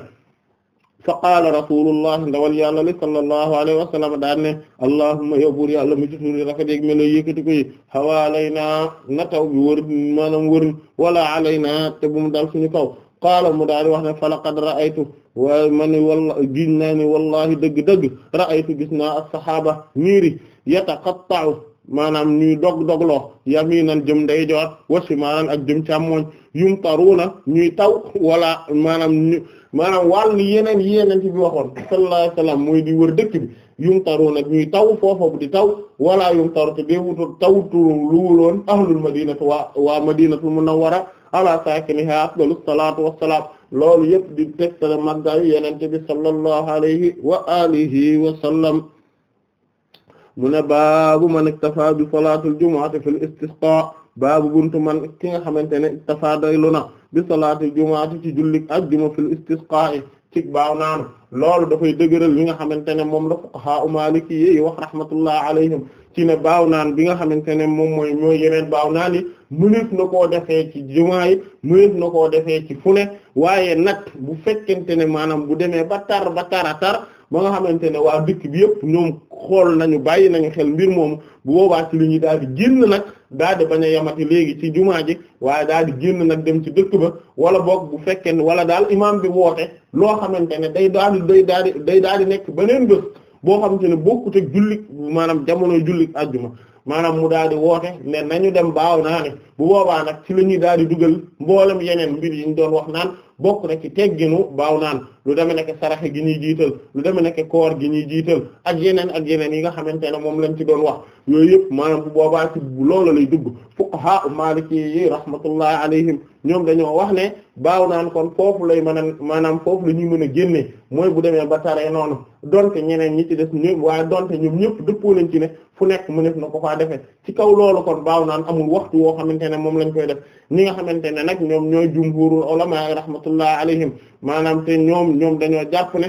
fa qaala rasulullah ndawal yàlla li sallallahu alayhi wa sallam daan ne allahumma yow buur yàlla mi ci tuuri rafet yéeg melo yëkkati koy xawaalay naa na taw bi wër maanaam wër wala alay naa te bu mu dal suñu kaw qaala mu daal di wax ne fa laqad ra'aytu waaye ma ni walla giñ naa ni wallahi dëgg-dëgg ra'aytu gis naa as-sahaaba niiri yataqatta'u maanaam ñuy dog dogloo yaminan jëm ndeyjoor wa shimalan ak jëm càmmooñ yumtaruuna ñuy taw wala maanaam maanaam wàll yeneen yi yeneen ci bi waxoon sallallahu di wër dëkk bi yum taru nag ñuy taw foofa bu di taw wala yum taru te déewutu tawtu lu wuloon ahlul madinatu waa waa madinatul munawwara ala saakiniha afdalu salaatu wassalaam loolu yëpp di tegtale màggaayu yenente bi sallallahu alayhi wa alihi wa sallam mu ne baabu man iktafa bi salaatul jumu'ati fil istisqa baabu buntu man ki nga xamante ne iktafa doylu na bi salaati jumaati ci jullik ajjuma fil istisqaa'i ci baaw naanu loolu dafay dëgëral li nga xamante ne moom la fuqahaa u maaliki yi wax rahmatullahi alayhim ci ne baaw naan bi nga xamante ne moom mooy mooy yeneen baaw naan yi mëneef na koo defee ci jumaa yi mëneef na koo defee ci fu ne waaye nag bu fekkente ne maanaam bu demee ba tar ba tar tar ba nga xamante ne waa dëkk bi yëpp ñoom xool nañu bàyyi nañu xel mbir moomu bu boobaa ci li ñuy daal di génn nag daal di bañ a yamati léegi ci jumaa ji waaye daal di génn nag dem ci dëkk ba wala boog bu fekkee ne wala daal imaam bi woote loo xamante ne day daal di day daal day daal di nekk beneen bés boo xamante ne bokkut ak jullit maanaam jamono jullit ajjuma maanaam mu daal di woote ne nañu dem baaw naa bu boobaa nag ci la ñuy daal di dugal mboolem yeneen mbir yi ñu doon wax naan bokk na ci tegginu baaw naan lu deme nekk saraxe gi ñuy jiital lu deme nekk koor gi ñuy jiital ak yeneen ak yeneen yi nga xamante ne moom lañ ci doon wax yooyu yëpp maanaam bu boobaa ci loolu lay dugg fuqaha maliki yi rahmatullahi alayhim ñoom dañoo wax ne baaw naan kon foofu lay mën a maanaam foofu la ñuy mën a génne mooy bu demee ba taree noonu donte ñeneen ñi ci des ñoom waaye donte ñoom ñëpp dëppoo nañ ci ne fu nekk mu nekk na ko faa defee ci kaw loolu kon baaw naan amul waxtu woo xamante ne moom lañ koy def ñi nga xamante ne nag ñoom ñooy jumhurul ulama rahmatullahi alayhim maanaam te ñoom ñoom dañoo jàpp ne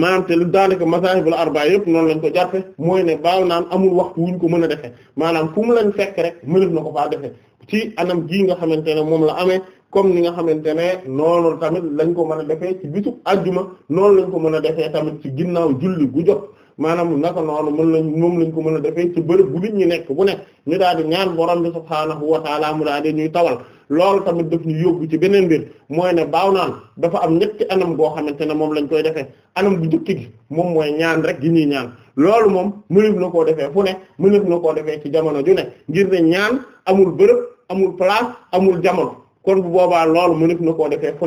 maanaam te lu daanaka masaahibul arba yëpp noonu lañ ko jàppe mooy ne baaw naan amul waxtu wuñ ko mën a defee maanaam fu mu leen fekk rek mënef na ko faa defee ci anam gi nga xamante ne moom la amee comme ni nga xamante ne noonu tamit lañ ko mën a defee ci bisub ajjuma noonu lañ ko mën a defee tamit ci ginnaaw julli gu jot maanaam naka noonu mën lañ moom lañ ko mën a defee ci bërëb bu nit ñi nekk bu nekk ñu daal di ñaan borom bi subhaanahu wa taala mu daal di ñuy tawal loolu tamit daf ñu yóbbu ci beneen mbir mooy ne baaw naan dafa am ñetti anam goo xamante ne moom lañ koy defee anam bu njëkk gi moom mooy ñaan rek gi ñuy ñaan loolu moom mënef na koo defee fu ne mënef na koo defee ci jamono ju ne ngir ne ñaan amul bërëb amul place amul jamono kon bu boobaa loolu mënef na koo defee fu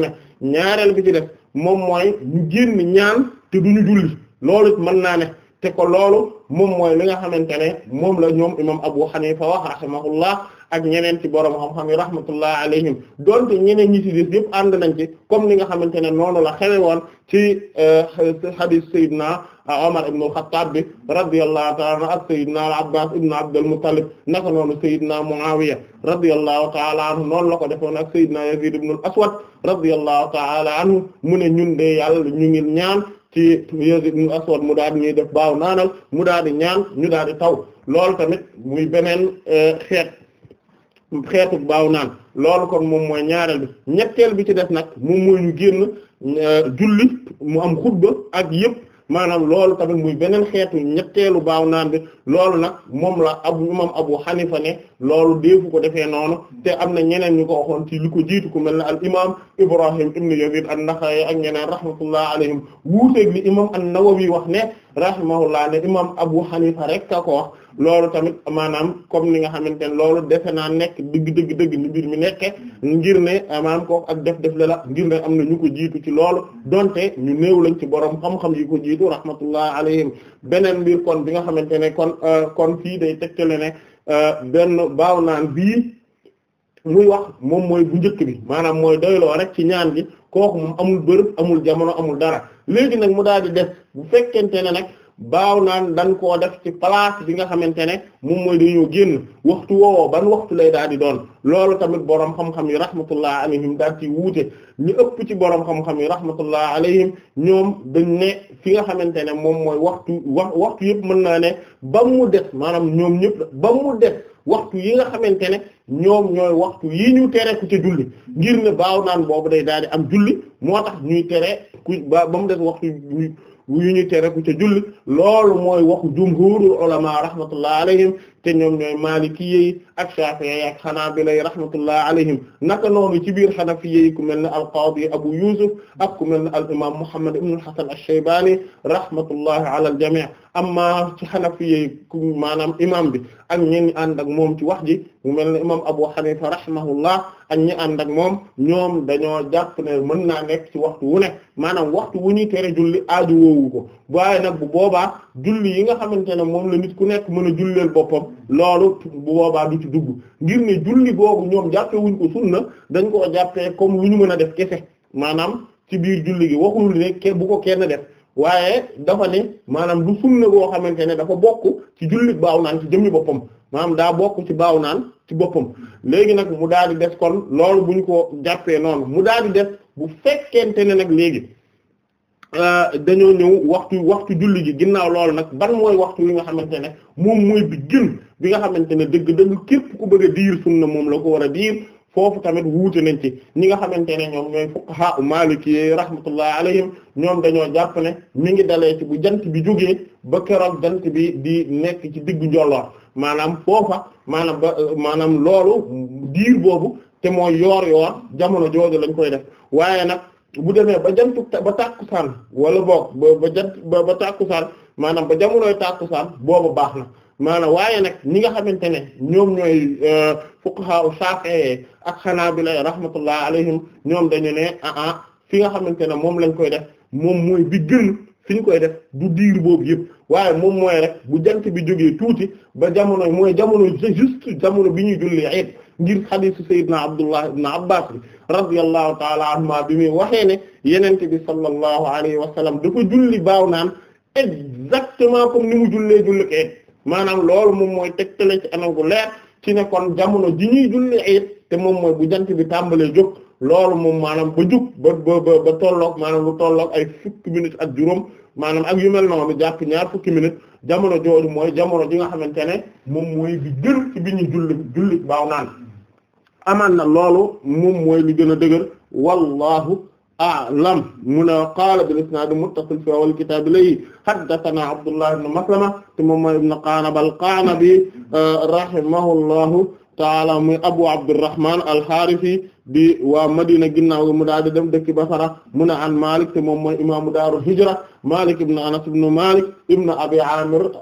ñaareel bi ci def moom mooy ñu génn ñaan te duñu julli loolu mën naa ne te ko loolu moom mooy li nga xamante ne moom la ñoom imam Abu Hanifa wax rahimahullah ak ñeneen ci borom xam-xam yi rahmatullah alayhim donte ñeneen ñi ci des yëpp ànd nañ ci comme ni nga xamante ne noonu la xewe woon ci euh, hadith Seydina Omar ibn al-Khattab bi radiyallahu ta'ala ak Seydina al-Abbas ibn Abd al-Muttalib naka noonu Seydina Muawiya radiyallahu ta'ala anhu noonu la ko defoon ak Seydina Yazid ibn al-Aswad radiyallahu ta'ala anhu mu ne ñun de yàlla ñu ngi ñaan ci Yazid ibn al-Aswad mu daal di def baaw naanal mu daal di ñaan ñu daal di taw loolu tamit muy beneen euh, xeetu baaw naan loolu kon moom mooy ñaareel bi ñetteel bi ci def nag moom mooy ñu génn euh, julli mu am xutba ak yëpp maanaam loolu tamit muy beneen xeetu ñetteelu baaw naan bi loolu nag moom la abu imam abu xanifa ne loolu deefu ko defee noonu te am na ñeneen ñu ko waxoon ci li ko jiitu ku mel ne al imam ibrahim ibn yazid an-naxa'i ak ñeneen rahmatullah alayhim wuuteeg li imam an-nawawi wax ne rahimahullah ne imam abu xanifa rek ka ko wax loolu tamit maanaam comme ni nga xamante ne loolu defe naa nekk dëgg dëgg dëgg ni mbir mi nekke ngir ne maanaam ko ak def def la ngir ne am na ñu ko jiitu ci loolu donte ñu néew lañ ci borom xam-xam yi ko jiitu rahmatullah alayhim beneen mbir kon bi nga xamante ne kon euh, kon fii day tegtale ne euh, benn baaw naan bii muy wax moom mooy bu njëkk bi maanaam mooy doyloo rek ci ñaan gi kooku moom amul bërëb amul jamono amul dara léegi nag mu daal di def bu fekkente ne nag. baaw naan dan koo def ci place bi nga xamante ne moom mooy dañoo génn waxtu woowoo ban waxtu lay daal di doon loolu tamit borom xam-xam yi rahmatullah alayhim daal ci wuute ñu ëpp ci borom xam-xam yi rahmatullah alayhim ñoom dañ ne fi nga xamante ne moom mooy waxtu wax waxtu yëpp mën naa ne ba mu des maanaam ñoom ñëpp ba mu des waxtu yi nga xamante ne ñoom ñooy waxtu yi ñu tere ku ca julli ngir ne baaw naan boobu day daal di am julli moo tax ñuy tere ku ba ba mu des waxtu yu ñu tere ku ca julli loolu mooy waxu jumhurul ulama rahmatullah alayhim te ñoom ñooy maalikiyyi ak shafi'i ak xanaabila rahmatullah alayhim naka noonu ci biir xanafiyyi ku mel ni al-qaadi abu yusuf ak ku mel ne al imaam muhammad ibn al-hasan ash-shaybani rahmatullah ala al-jami' amma ci xanafiyyi ku maanaam imaam bi ak ñi ànd ak moom ci wax ji mu mel ne imaam abu hanifa rahimahullah ak ñi ànd ak moom ñoom dañoo jàpp ne mën naa nekk ci waxtu wu ne maanaam waxtu wu ñuy tere julli aaju woowu ko waaye nag bu boobaa julli yi nga xamante ne moom la nit ku nekk mën a julleel boppam loolu bu boobaa du ci dugg ngir ne julli googu ñoom jàppewuñ ko ko na dañ ko jàppee comme lu ñu mën a def kese maanaam ci biir julli gi waxul ne ke bu ko kenn def waaye dafa ne maanaam du sunna goo xamante ne dafa bokk ci julli baaw naan ci jëmmi boppam maanaam daa bokk ci baaw naan ci boppam léegi nag mu daal di des kon loolu bu ko jàppee noonu mu daal di des bu fekkente ne nag léegi. Euh, dañoo ñëw waxtu waxtu julli ji ginnaaw loolu nag ban mooy waxtu yi nga xamante ne moom mooy bi gën bi nga xamante ne dëgg dëgg képp ku bëgg a diir sunna moom la ko war a diir foofu tamit wuute nañ ci ñi nga xamante ne ñoom ñooy fuqaha u maliki rahmatullah alayhim ñoom dañoo jàpp mi ngi dalee ci bu jant bi jógee ba keroog jant bi di nekk ci diggu njolloor maanaam foofa maanaam ba euh, maanaam loolu diir boobu te mooy yoor yoor jamono jooju lañ koy def waaye nag bu demee ba jantu ba tàkkusaan wala boog ba ba jant ba ba tàkkusaan maanaam ba jamonoy tàkkusaan boobu baax na maanaam waaye nag ñi nga xamante ne ñoom ñooy euh, fuqaha Shafi'i ak xanaa Hanabila rahmatullah alayhim ñoom dañu ne ah ah fi nga xamante ne moom lañ koy def moom mooy bi gën fi ñu koy def du diir boobu yëpp waaye moom mooy rek bu jant bi jógee tuuti ba jamono mooy jamono juste jamono bi ñuy julli Eid ngir xadiisu sayyidina Abdullah ibn Abbas bi radiyallahu taala anhuma bi muy waxee ne yenente bi sallallahu alayhi wa sallam dafa julli baaw naan exactement comme ni mu jullee julli ko it maanaam loolu moom mooy tegtale ci anam gu leer ci ne kon jamono ji ñuy julli it te moom mooy bu jant bi tàmbalee jóg loolu moom maanaam bu jug ba ba ba tolloog maanaam lu tolloog ay fukki minutes ak juróom maanaam ak yu mel noonu jàpp ñaar fukki jamono jooju mooy jamono ji nga xamante ne moom mooy bi jël ci ñu julli julli baaw naan amaan na loolu moom mooy li gën a dëgër wallahu a'lam mu ne qaala bil isnaad muttasil fi awal kitaab ilayhi haddathana Abdullah ibn Maslama te moom mooy ibn Qanab al-Qanabi rahimahullahu taala muy Abu Abdurrahman al-Harithi di waa Madina ginnaaw mu daal di dem dëkk Basra mu ne an Malik te moom mooy imaamu daaru hijra Malik ibn Anas ibn Malik ibn Abi Amir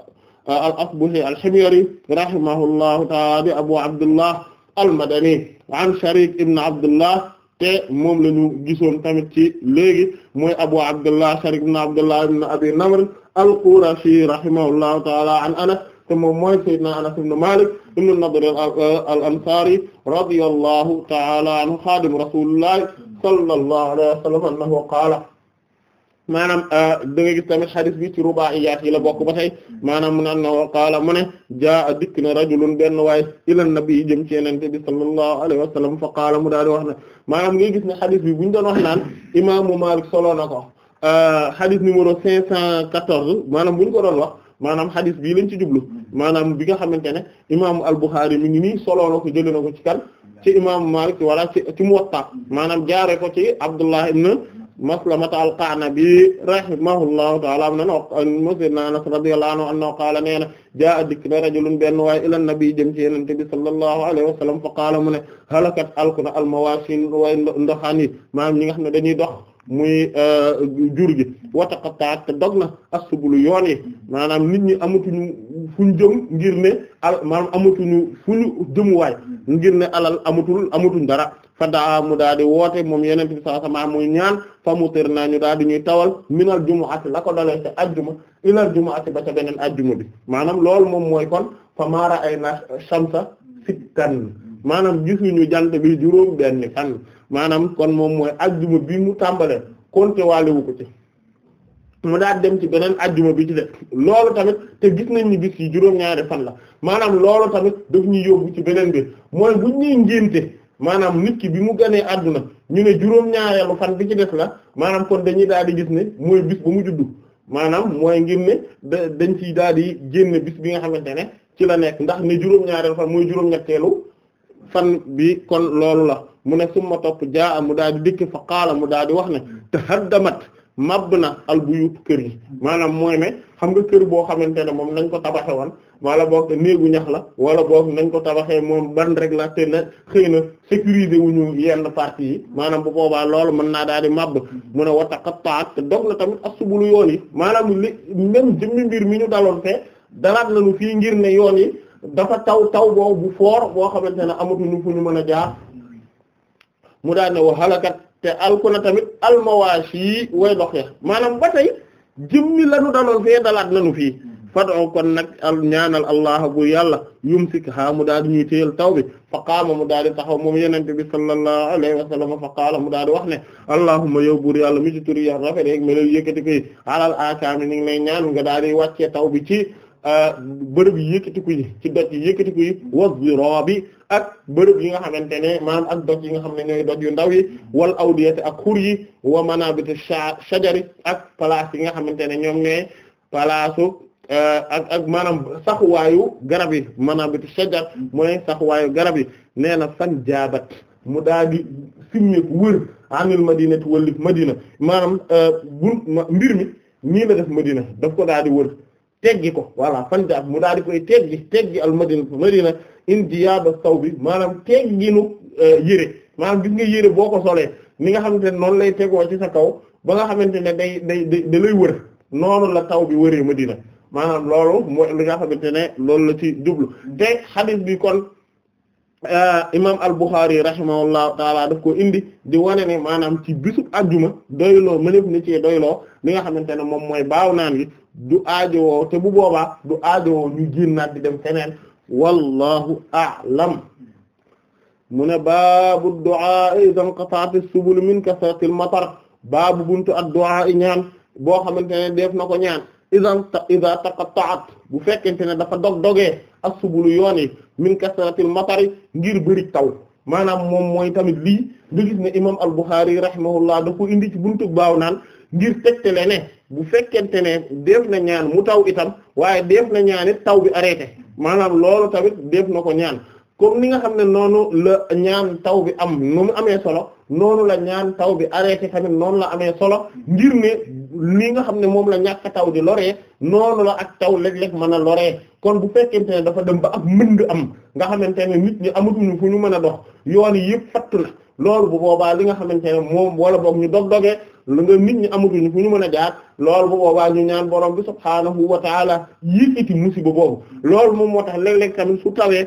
al-Asbahi al-Himyari rahimahullahu taala Abu Abdullah al-Madani an Sharik ibn Abdullah te moom la ñu gisoon tamit ci léegi mooy Abu Abdullah Sharik ibn Abdullah ibn Abi Namr al-Qurashi rahimahullahu ta'ala an Anas te moom mooy Seydina Anas ibn Malik ibn Nadr al-Ansari radiyallahu ta'ala anhu xaadimu rasulillahi sallallahu alayhi wa sallam annahu qaala maanaam euh, da nga gis tamit xadis bi ci rubaa'iyaat yi la bokk ba tey maanaam mu naan na qaala mu ne jaa dikk na rajulun benn waaye ila nabi jëm ci yenente bi sallallahu alayhi wa sallam fa qaala mu daal di wax ne maanaam ngay gis ne xadis bi bu ñu doon wax naan imaamu Maalik solo na ko euh, xadis numéro cinq cent quatorze maanaam bu ñu ko doon wax maanaam xadis bii lañ ci jublu maanaam bi nga xamante ne imaamu al-Bukhari mi ngi nii solo ko jëlee na ko ci kan ci imaamu Maalik wala ci ci maanaam jaaree ko ci Abdullah ibn maslamata al-Qa'nabi rahimahullahu ta'ala am nana mosidna anas radiyallahu anhu annahu qaala nee na jaa dikk benn waaye ila nabi jëm ci yenente bi sallallahu alayhi wa fa qaala mu ne halakat alkuna almawasin way ndoxaan yi maanaam ñi nga xam ne dañuy dox muy euh, jur gi wa taqatta'at te dog na as-subul yoon yi maanaam nit ñi amatuñu fu ñu jëm ngir ne al maanaam fu ñu jëmuwaay ngir ne alal amatul amatuñ dara fa daa mu daa woote moom yenente bi sallallahu muy ñaan fa mutir naa ñu daal di ñuy tawal minal jumu'ati la ko dalee ca ajjuma ilal jumu'ati ba ca beneen ajjuma bi maanaam loolu moom mooy kon fa ay na shamsa sittan maanaam gisuñu jant bi juróom benn fan kon moom mooy ajjuma bi mu tàmbalee konte waalewu ko ci mu daal dem ci beneen ajjuma bi ci def loolu tamit te gis nañ ni bis yi juróom-ñaari fan la maanaam loolu tamit daf ñuy yóbbu ci beneen bi mooy bu ñuy ngénte maanaam nit ki bi mu ganee àdduna ñu ne juróom-ñaareelu fan bi ci des la maanaam kon dañuy daal di gis ne mooy bis ba mu juddu maanaam mooy ngir ne dañ ciy daal di génn bis bi nga xamante ne ci la nekk ndax ne juróom-ñaareelu fan mooy juróom-ñetteelu fan bi kon loolu la mu ne summa topp jaa mu daal di dikk fa qaala mu daal di wax ne damat màbb na al kër yi maanaam mooy ne xam nga kër boo xamante ne moom nañ ko tabaxe woon wala boog néegu ñax la wala boog nañ ko tabaxee moom ban rek la te na xëy na sécuriser ñu yenn parties yi maanaam bu boobaa loolu mën naa daal di màbb mu ne wataqattaat te dog na tamit asubulu yoon yi maanaam li même jëmmi mbir mi ñu daloon fee dalaat nañu fii ngir ne yoon yi dafa taw taw boobu bu foor boo xamante ne amatuñu fu ñu mën a jaar mu daal te alku na tamit almawaashi yi way dox ya maanaam ba tey jëmmi lanu daloon fee dalaat lanu fii fadoo kon nag al ñaanal allah bu yàlla yumsik ha mu daal di ñuy téyal taw bi fa qaama mu daal di taxaw moom yenente bi sallallahu alayhi wa sallam fa qaala mu daal di wax ne allahumma yow buur yàlla mi ci turi ya rafet rek melal yëkkati koy alal akaami ni ngi lay ñaan nga daal di wàccee taw bi ci bërëb yi yëkkatiku yi ci doj yi yëkkatiku yi was bi ak bërëb yi nga xamante ne maanaam ak doc yi nga xam ne ñooy doj yu ndaw yi wal awdiyati ak xur yi wa manabit shajari ak place yi nga xamante ne ñoom ne palaasu e, ak ak maanaam saxuwaayu garab yi manabit shajar mooy saxuwaayu garab yi nee na fan jaabat mu daa di simmeek wër anil madinati wallif madina maanaam e, bu mbir mi nii la def madina daf ko daa di wër teggi ko voilà fanja mu daal di koy teggi teggi al madina madina indiyaaba saw bi maanaam tegginu euh, yére maanaam gis nga yére boo ko solee ni nga xamante ne noonu lay tegoo ci sa kaw ba nga xamante ne day day da lay wër noonu la taw bi wëree madina maanaam loolu mooy li nga xamante ne loolu la ci jublu te xadis bi kon Euh, imam al-Bukhari rahimahullahu taala daf ko indi di wane ne maanaam ci bisub ajjuma doyloo mënef ni ci doyloo li nga xamante ne moom mooy baaw naan gi du aajowoo te bu boobaa du aajowoo ñu naat di dem feneen wallahu a'lam mu ne baabu du'a iza inqata'at as-subul min kasratil matar baabu buntu ad-du'a ñaan boo xamante ne def na ko ñaan idan ida taqatta'at bu fekkente ne dafa dog dogee as-subulu yoon yi min kasratil matari ngir bëri taw maanaam moom mooy tamit lii nga gis ne imam al-Bukhari rahimahullah da ko indi ci buntu baaw naan ngir tegtale ne bu fekkente ne def na ñaan mu taw itam waaye def na ñaan taw bi arrêté maanaam loolu tamit def na ko ñaan comme ni nga xam ne noonu la ñaan taw bi am nu mu amee solo noonu la ñaan taw bi arrêté tamit noonu la amee solo ngir ne li nga xam ne moom la ñàkk taw di loree noonu la ak taw léeg-léeg mën a loree kon bu fekkente ne dafa dem ba ak mënd am nga xamante ne nit ñi amatuñu fu ñu mën a dox yoon yëpp fatt na loolu bu boobaa li nga xamante ne moom wala boog ñu dog dogee lu nga nit ñi amatuñu fu ñu mën a jaar loolu bu boobaa ñu ñaan borom bi subhaanahu wa taala yëkkati musiba boobu loolu moom moo tax léeg tamit su tawee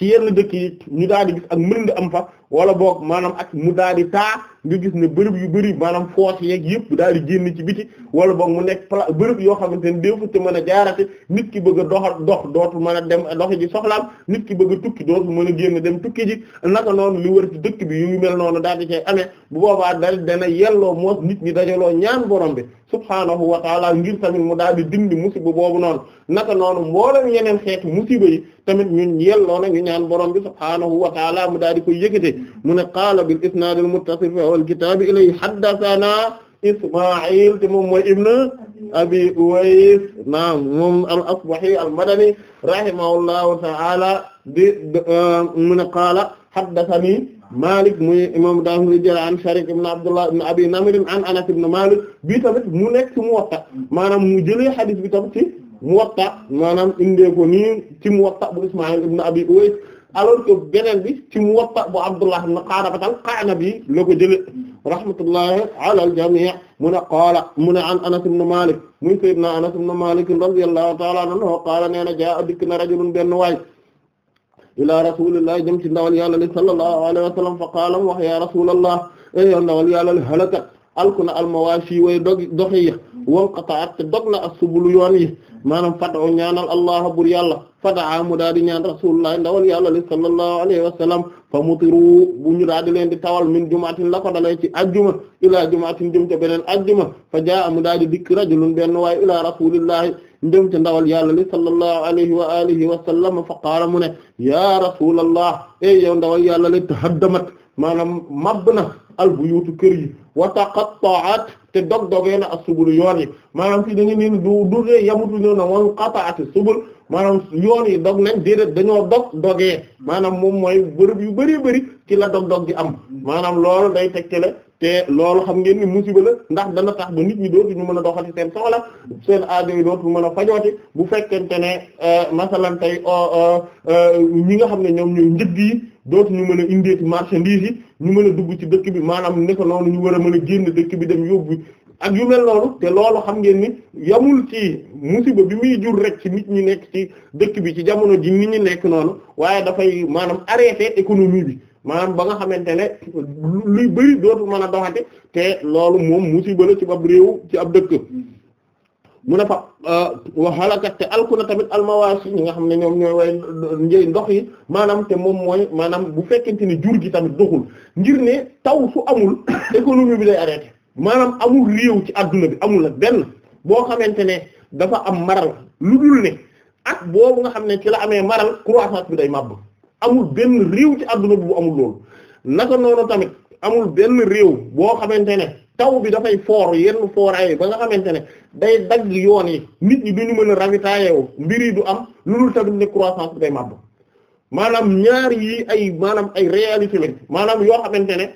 ci yenn dëkk yi ñu daal di gis ak mën nga am fa wala boog maanaam ak mu daal di taa nga gis ne bërëb yu bëri maanaam foos yeeg yëpp daal di génn ci biti wala boog mu nekk pla bërëb yoo xamante ne déefu te mën a jaarate nit ki bëgg a doxal dox dootu mën a dem doxi ji soxlaam nit ki bëgg tukki tukki dootu mën a génn dem tukki ji naka noonu li wër dëkk bi yu ngi mel noonu daal di cay ame bu boobaa dal dana yelloo moos nit ñi dajaloo ñaan borom bi subhaanahu wa taala ngir tamit mu daal di dindi musiba boobu noonu naka noonu mboolem yeneen xeeti musiba yi tamit ñun yelloo na ñu ñaan borom bi subhaanahu wa taala mu daal di koy yëkkate mu ne qaala bil isnaad al muttasil fi awal kitaab ilayhi haddasanaa Isma'il te moom mooy ibn Abi Uways naam moom al asbahi al madani rahimahullahu ta'ala di uh, mu ne qaala haddasani Malik muy imam Daawud di jël an Sharik ibn Abdullah ibn Abi Namir an Anas ibn Malik bi tamit mu nekk ci Muwatta maanaam mu jëlee hadith bi tamit ci Muwatta maanaam indee ko nii ci Muwatta bu Isma'il ibn Abi Uways alors que beneen bi ci Muwatta bu Abdullah ibn Qa'nab al-Qa'nabi la ko jëlee rahmatullahi ala al-jami' mu ne qaala mu ne an Anas ibn Malik muy sayyidina Anas ibn Malik radiyallahu ta'ala anhu qaala nee na jaa dikk na rajulun benn waay ila rasulillahi jëm ci ndawal yàlla li sallallahu alayhi wa sallam fa qaala mu wax ya rasulullah eh ndawal yàlla li halakat alku na almawaashi way dog doxi yi wanqata'at te dog na as-subul yoon yi maanaam fad'u ñaanal Allah bur yàlla fadaa mu daal di ñaan rasulullah ndawal yàlla li sallallahu alayhi wa sallam fa mutiru bu ñu daal di leen di tawal min jumaatin la ko dalee ci ajjuma ilaa jumaatin jëm ca beneen ajjuma fa jaa mu daal di dikk rajulun benn waaye ilaa rasulillahi jëm ca ndawal yàlla li sallallahu alayhi wa alihi wa sallam fa qaala mu ne yaa rasulallah ey yow ndawal yàlla li tahaddamat maanaam mabb na albuyuutu kër yi wa taqatta'at te dog dogee na as-subul yoon yi maanaam fii dañu ne du du dee yamutu ne na wan qata'at as-subul maanaam yoon yi dog nañ déedéet dañoo dog dogee maanaam moom mooy bërëb yu bari bari ci la dog-dog gi am maanaam loolu day tegtale te loolu xam ngeen ni musiba la ndax dana tax ba nit ñi dootu ñu mën a doxati seen soxla seen aajo yi dootu mën a fajooti bu fekkente ne euh, masalan tey euh, ñi nga xam ne ñoom ñooy njëg yi dootu mën a indeeti marchandise yi ñu mën a dugg ci dëkk bi maanaam ne ko noonu ñu war a mën a génn dëkk bi dem yóbbu ak yu loolu te loolu xam ngeen ni yamul ci musiba bi muy jur rek ci nit ñi nekk ci dëkk bi ci jamono ji nit ñi nekk noonu waaye dafay maanaam arrêté économie bi maanaam ba nga xamante ne luy bëri dootul mën a doxati te loolu moom musiba la ci ab réew ci ab dëkk mu ne fa euh, wa halakat te alku na tamit almawaasi ñi nga xam ne ñoom ñooy way njëy ndox yi maanaam te moom mooy maanaam bu fekkente ni jur gi tamit doxul ngir ne taw su amul *coughs* économie bi lay arrêté maanaam amul réew ci àdduna bi amul nag benn boo xamante ne dafa am maral lu dul ne at boobu nga xam ne ci la amee maral croissance bi day màbb amul benn réew ci àdduna bi bu amul loolu naka noonu tamit amul benn réew boo xamante ne taw bi dafay foor yenn fooraay ba nga xamante ne day dagg yoon yi nit ñi duñu mën a ravitailler mbir yi du am lu dul tamit ne croissance bi day màbb maanaam ñaar yi ay maanaam ay réalité lañ maanaam yoo xamante ne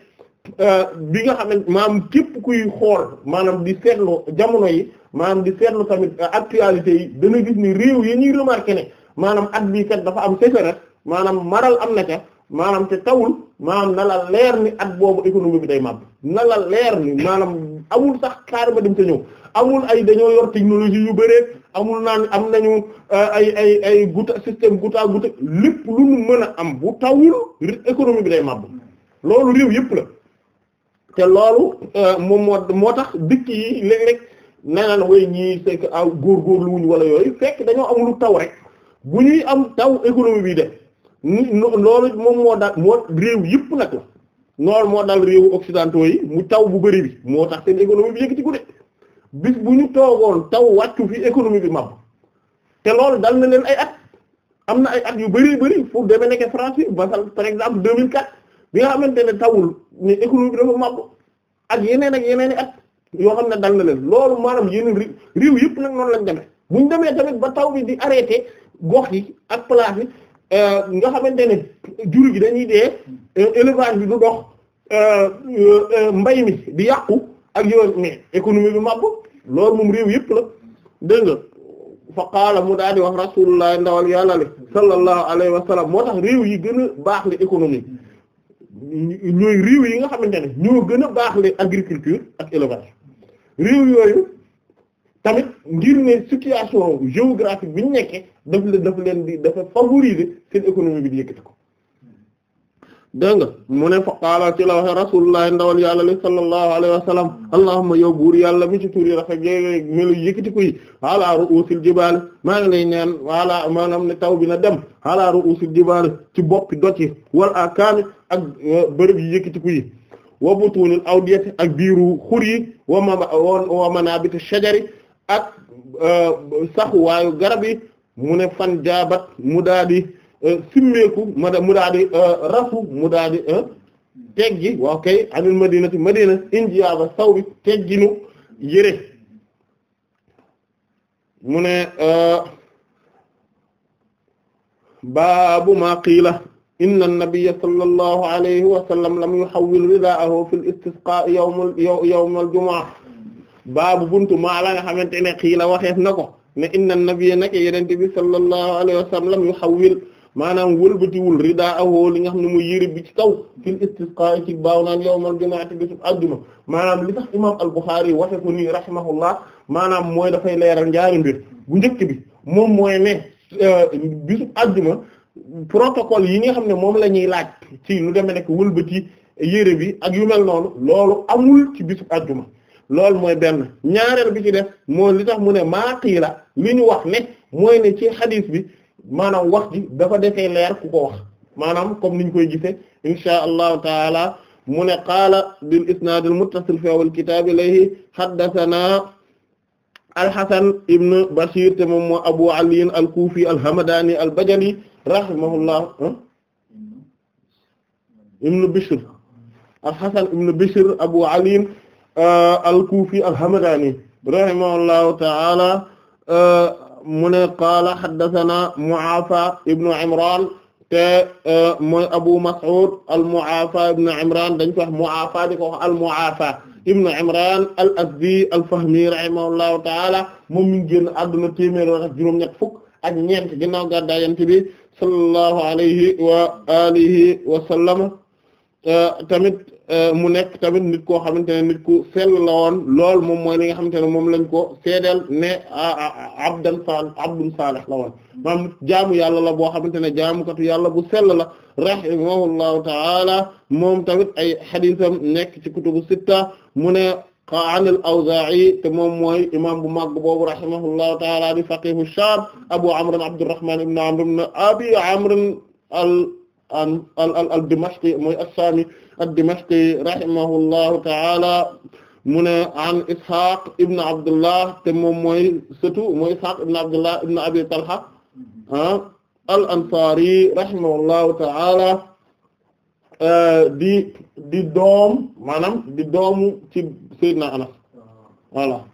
Euh, bi nga xam maam képp kuy xool maanaam di seetlu jamono yi maanaam di seetlu tamit euh, actualité yi dana gis ni réew yi ñuy remarqué ne maanaam at bii kat dafa am sécheresse maanaam maral am na ca maanaam te tawul maanaam na leer ni at boobu économie bi day màbb na leer ni maanaam amul sax kaarima dem te ñëw amul ay dañoo yor technologie yu bëree amul naan am nañu euh, ay ay ay guta système guta guta lépp lu nu mën a am bu tawul économie bi day màbb loolu réew yëpp la te loolu euh, moom moo moo tax dëkk yi léeg-léeg nee naan way ñii c'est que góor ah, góorgóorlu wuñ wala yooyu fekk dañoo am lu taw rek bu ñuy am taw économie bi def loolu moom moo daal moo réew yëpp nag la loolu moo daal réewu occidentaux yi mu taw bu bëri bi moo tax seen économie bi yëkkati gude bis bu ñu toogoon taw wàccu fi économie bi mab te loolu dal na leen ay at am na ay at yu bëri bëri fu demee nekk France bi basal par exemple 2004 bi nga xamante ne tawul ne économie bi dafa ak yeneen ak yeneen i at yoo xam ne dal na leen loolu maanaam yeneen réew yëpp nag noonu lañ demee buñ demee tamit ba taw bi di arrêté gox yi ak place yi euh, nga xamante ne jur gi dañuy dee euh, élevage bi du dox euh, mbay mi di yàqu ak yoon mais économie bi màbb loolu moom réew yëpp la dégg nga fa qaala mu daal di wax rasulullah ndawal yàlla li sallallahu alayhi wa sallam moo tax réew yi gën a baax la économie ñooy réew yi nga xamante ne ñoo gën a baax le agriculture ak élevage réew yooyu tamit ngir ne situation géographique bi ñu nekkee daf leen daf leen di seen économie bi di yëkkati ko nga mu ne fa qaala ci la waxe rasulullah ndawal yàlla li sallallahu alayhi wa sallam allahumma yow buur yàlla mi ci tuur yi rafet melu yëkkati yi ala ru'usil jibaal maa ngi lay neen ala maanaam ne taw bi na dem ala ru'usil jibaal ci boppi doj yi wal akaami ak bërëb yi yëkkatiku yi wa butunil awdiyati ak biiru xur wa ma shajari ak e, saxuwaayu garab yi mu ne fan jaabat mu daa e, simmeeku mu daa rafu mu daa e, teggi waaw kay anil madinati madina injiaba saw bi tegginu yëre mu ne baabu ma qiila inna nabiyya sallallahu alayhi wa sallam lam yuhawwil ridaahu fil istisqaa yawmal yawmal jumaa baabu buntu maa la nga xamante ne xiila waxeef na ko ne inna nabiyya nag yonent bi sallallahu alayhi wa sallam lam yuhawwil maanaam wëlbatiwul ridaahu li nga xam ne mu yëre bi ci kaw fil istisqaa ci baaw naan yawmal jumaa te bisub àjjuma maanaam li tax imaam al-Bukhari waxe ko nii rahimahullah maanaam mooy dafay leeral njaari mbir bu njëkk bi moom mooy ne euh, bisub àjjuma. protocole yi nga xam ne moom la ñuy laaj ci lu demee nekk wëlbati yére bi ak yu mel noonu loolu amul ci bisub àjjuma loolu mooy benn ñaareel bi ci def moo li tax mu ne maaqii la li ñu wax ne mooy ne ci xadiis bi maanaam wax ji dafa defee leer ku ko wax maanaam comme niñ koy gisee insha allahu taala mu ne qaala bil isnaad al muttasil fi awal kitaab ilayhi haddathana alxasan ibn Bashir te moom moo Abu Ali al-Kufi al-Hamadani al-Bajali rahimahullah ibn Bishr alxasan ibn Bishr Abu Ali euh, al-Kufi al-Hamadani rahimahullahu ta'ala euh, mu ne qaala haddathana Mu'afa ibn Imran te euh, mooy Abu Mas'ud al-Mu'afa ibn Imran dañ ko wax Mu'afa di ko wax al-Mu'afa ibnu imran al azdi al fahmi rahimahullahu taala moom mi ngi génn àdduna téeméer ak juróom-ñett fukk ak ñeent ginnaaw gàddaa yant bi sallallahu alayhi wa alihi wa sallam tamit Euh, mu nekk tamit nit koo xamante ne nit ku sell la woon lool moom mooy li nga xamante ne moom lañ ko seedeel ne abdan sal abdun salih la woon maam jaamu yàlla la boo xamante ne jaamukatu yàlla bu sell la rahimahullahu taala moom tamit ay xadiisam nekk ci kutubu sitta mu ne an al-Awzaa'i te moom mooy imam bu mag boobu rahimahullahu taala di faqihu Shaam Abu Amr Abdurrahmaan ibn Amr ibn Abi Amr al al al dimashqi mooy as-Saami ad-Dimashqi rahimahullahu ta'ala mu ne an Ishaq ibn Abdullah te moom mooy sëtu mooy Ishaq ibn Abdullah ibn Abi Talha ah, al-Ansari rahimahullahu ta'ala eh, di di doom maanaam di doomu ci Seydina Anas voilà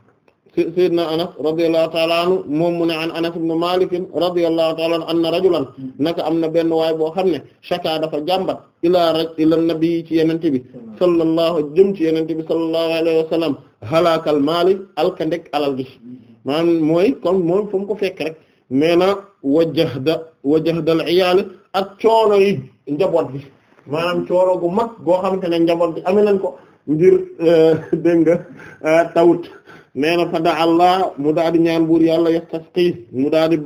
Seydina Anas radiyallahu ta'ala anhu moom mu ne an Anas ibn Malik radiyallahu ta'ala anhu anna rajulan naka am na benn waay boo xam ne shaka dafa jàmbat ilaa raj ila nabi ci yenente bi sallallahu jëm ci yenente bi sallallahu alayhi wa sallam halakal maali alka ndek alal gi maanaam mooy comme moom fu mu ko fekk rek nee na wajahda wajhdal iyaal ak coono yi njaboot bi maanaam coono gu mag goo xamante ne njaboot bi amee nañ ko ngir euh, *laughs* dégg nga euh, tawut nee na fada allah mu daal di ñaan buur yàlla yastasqi mu daal di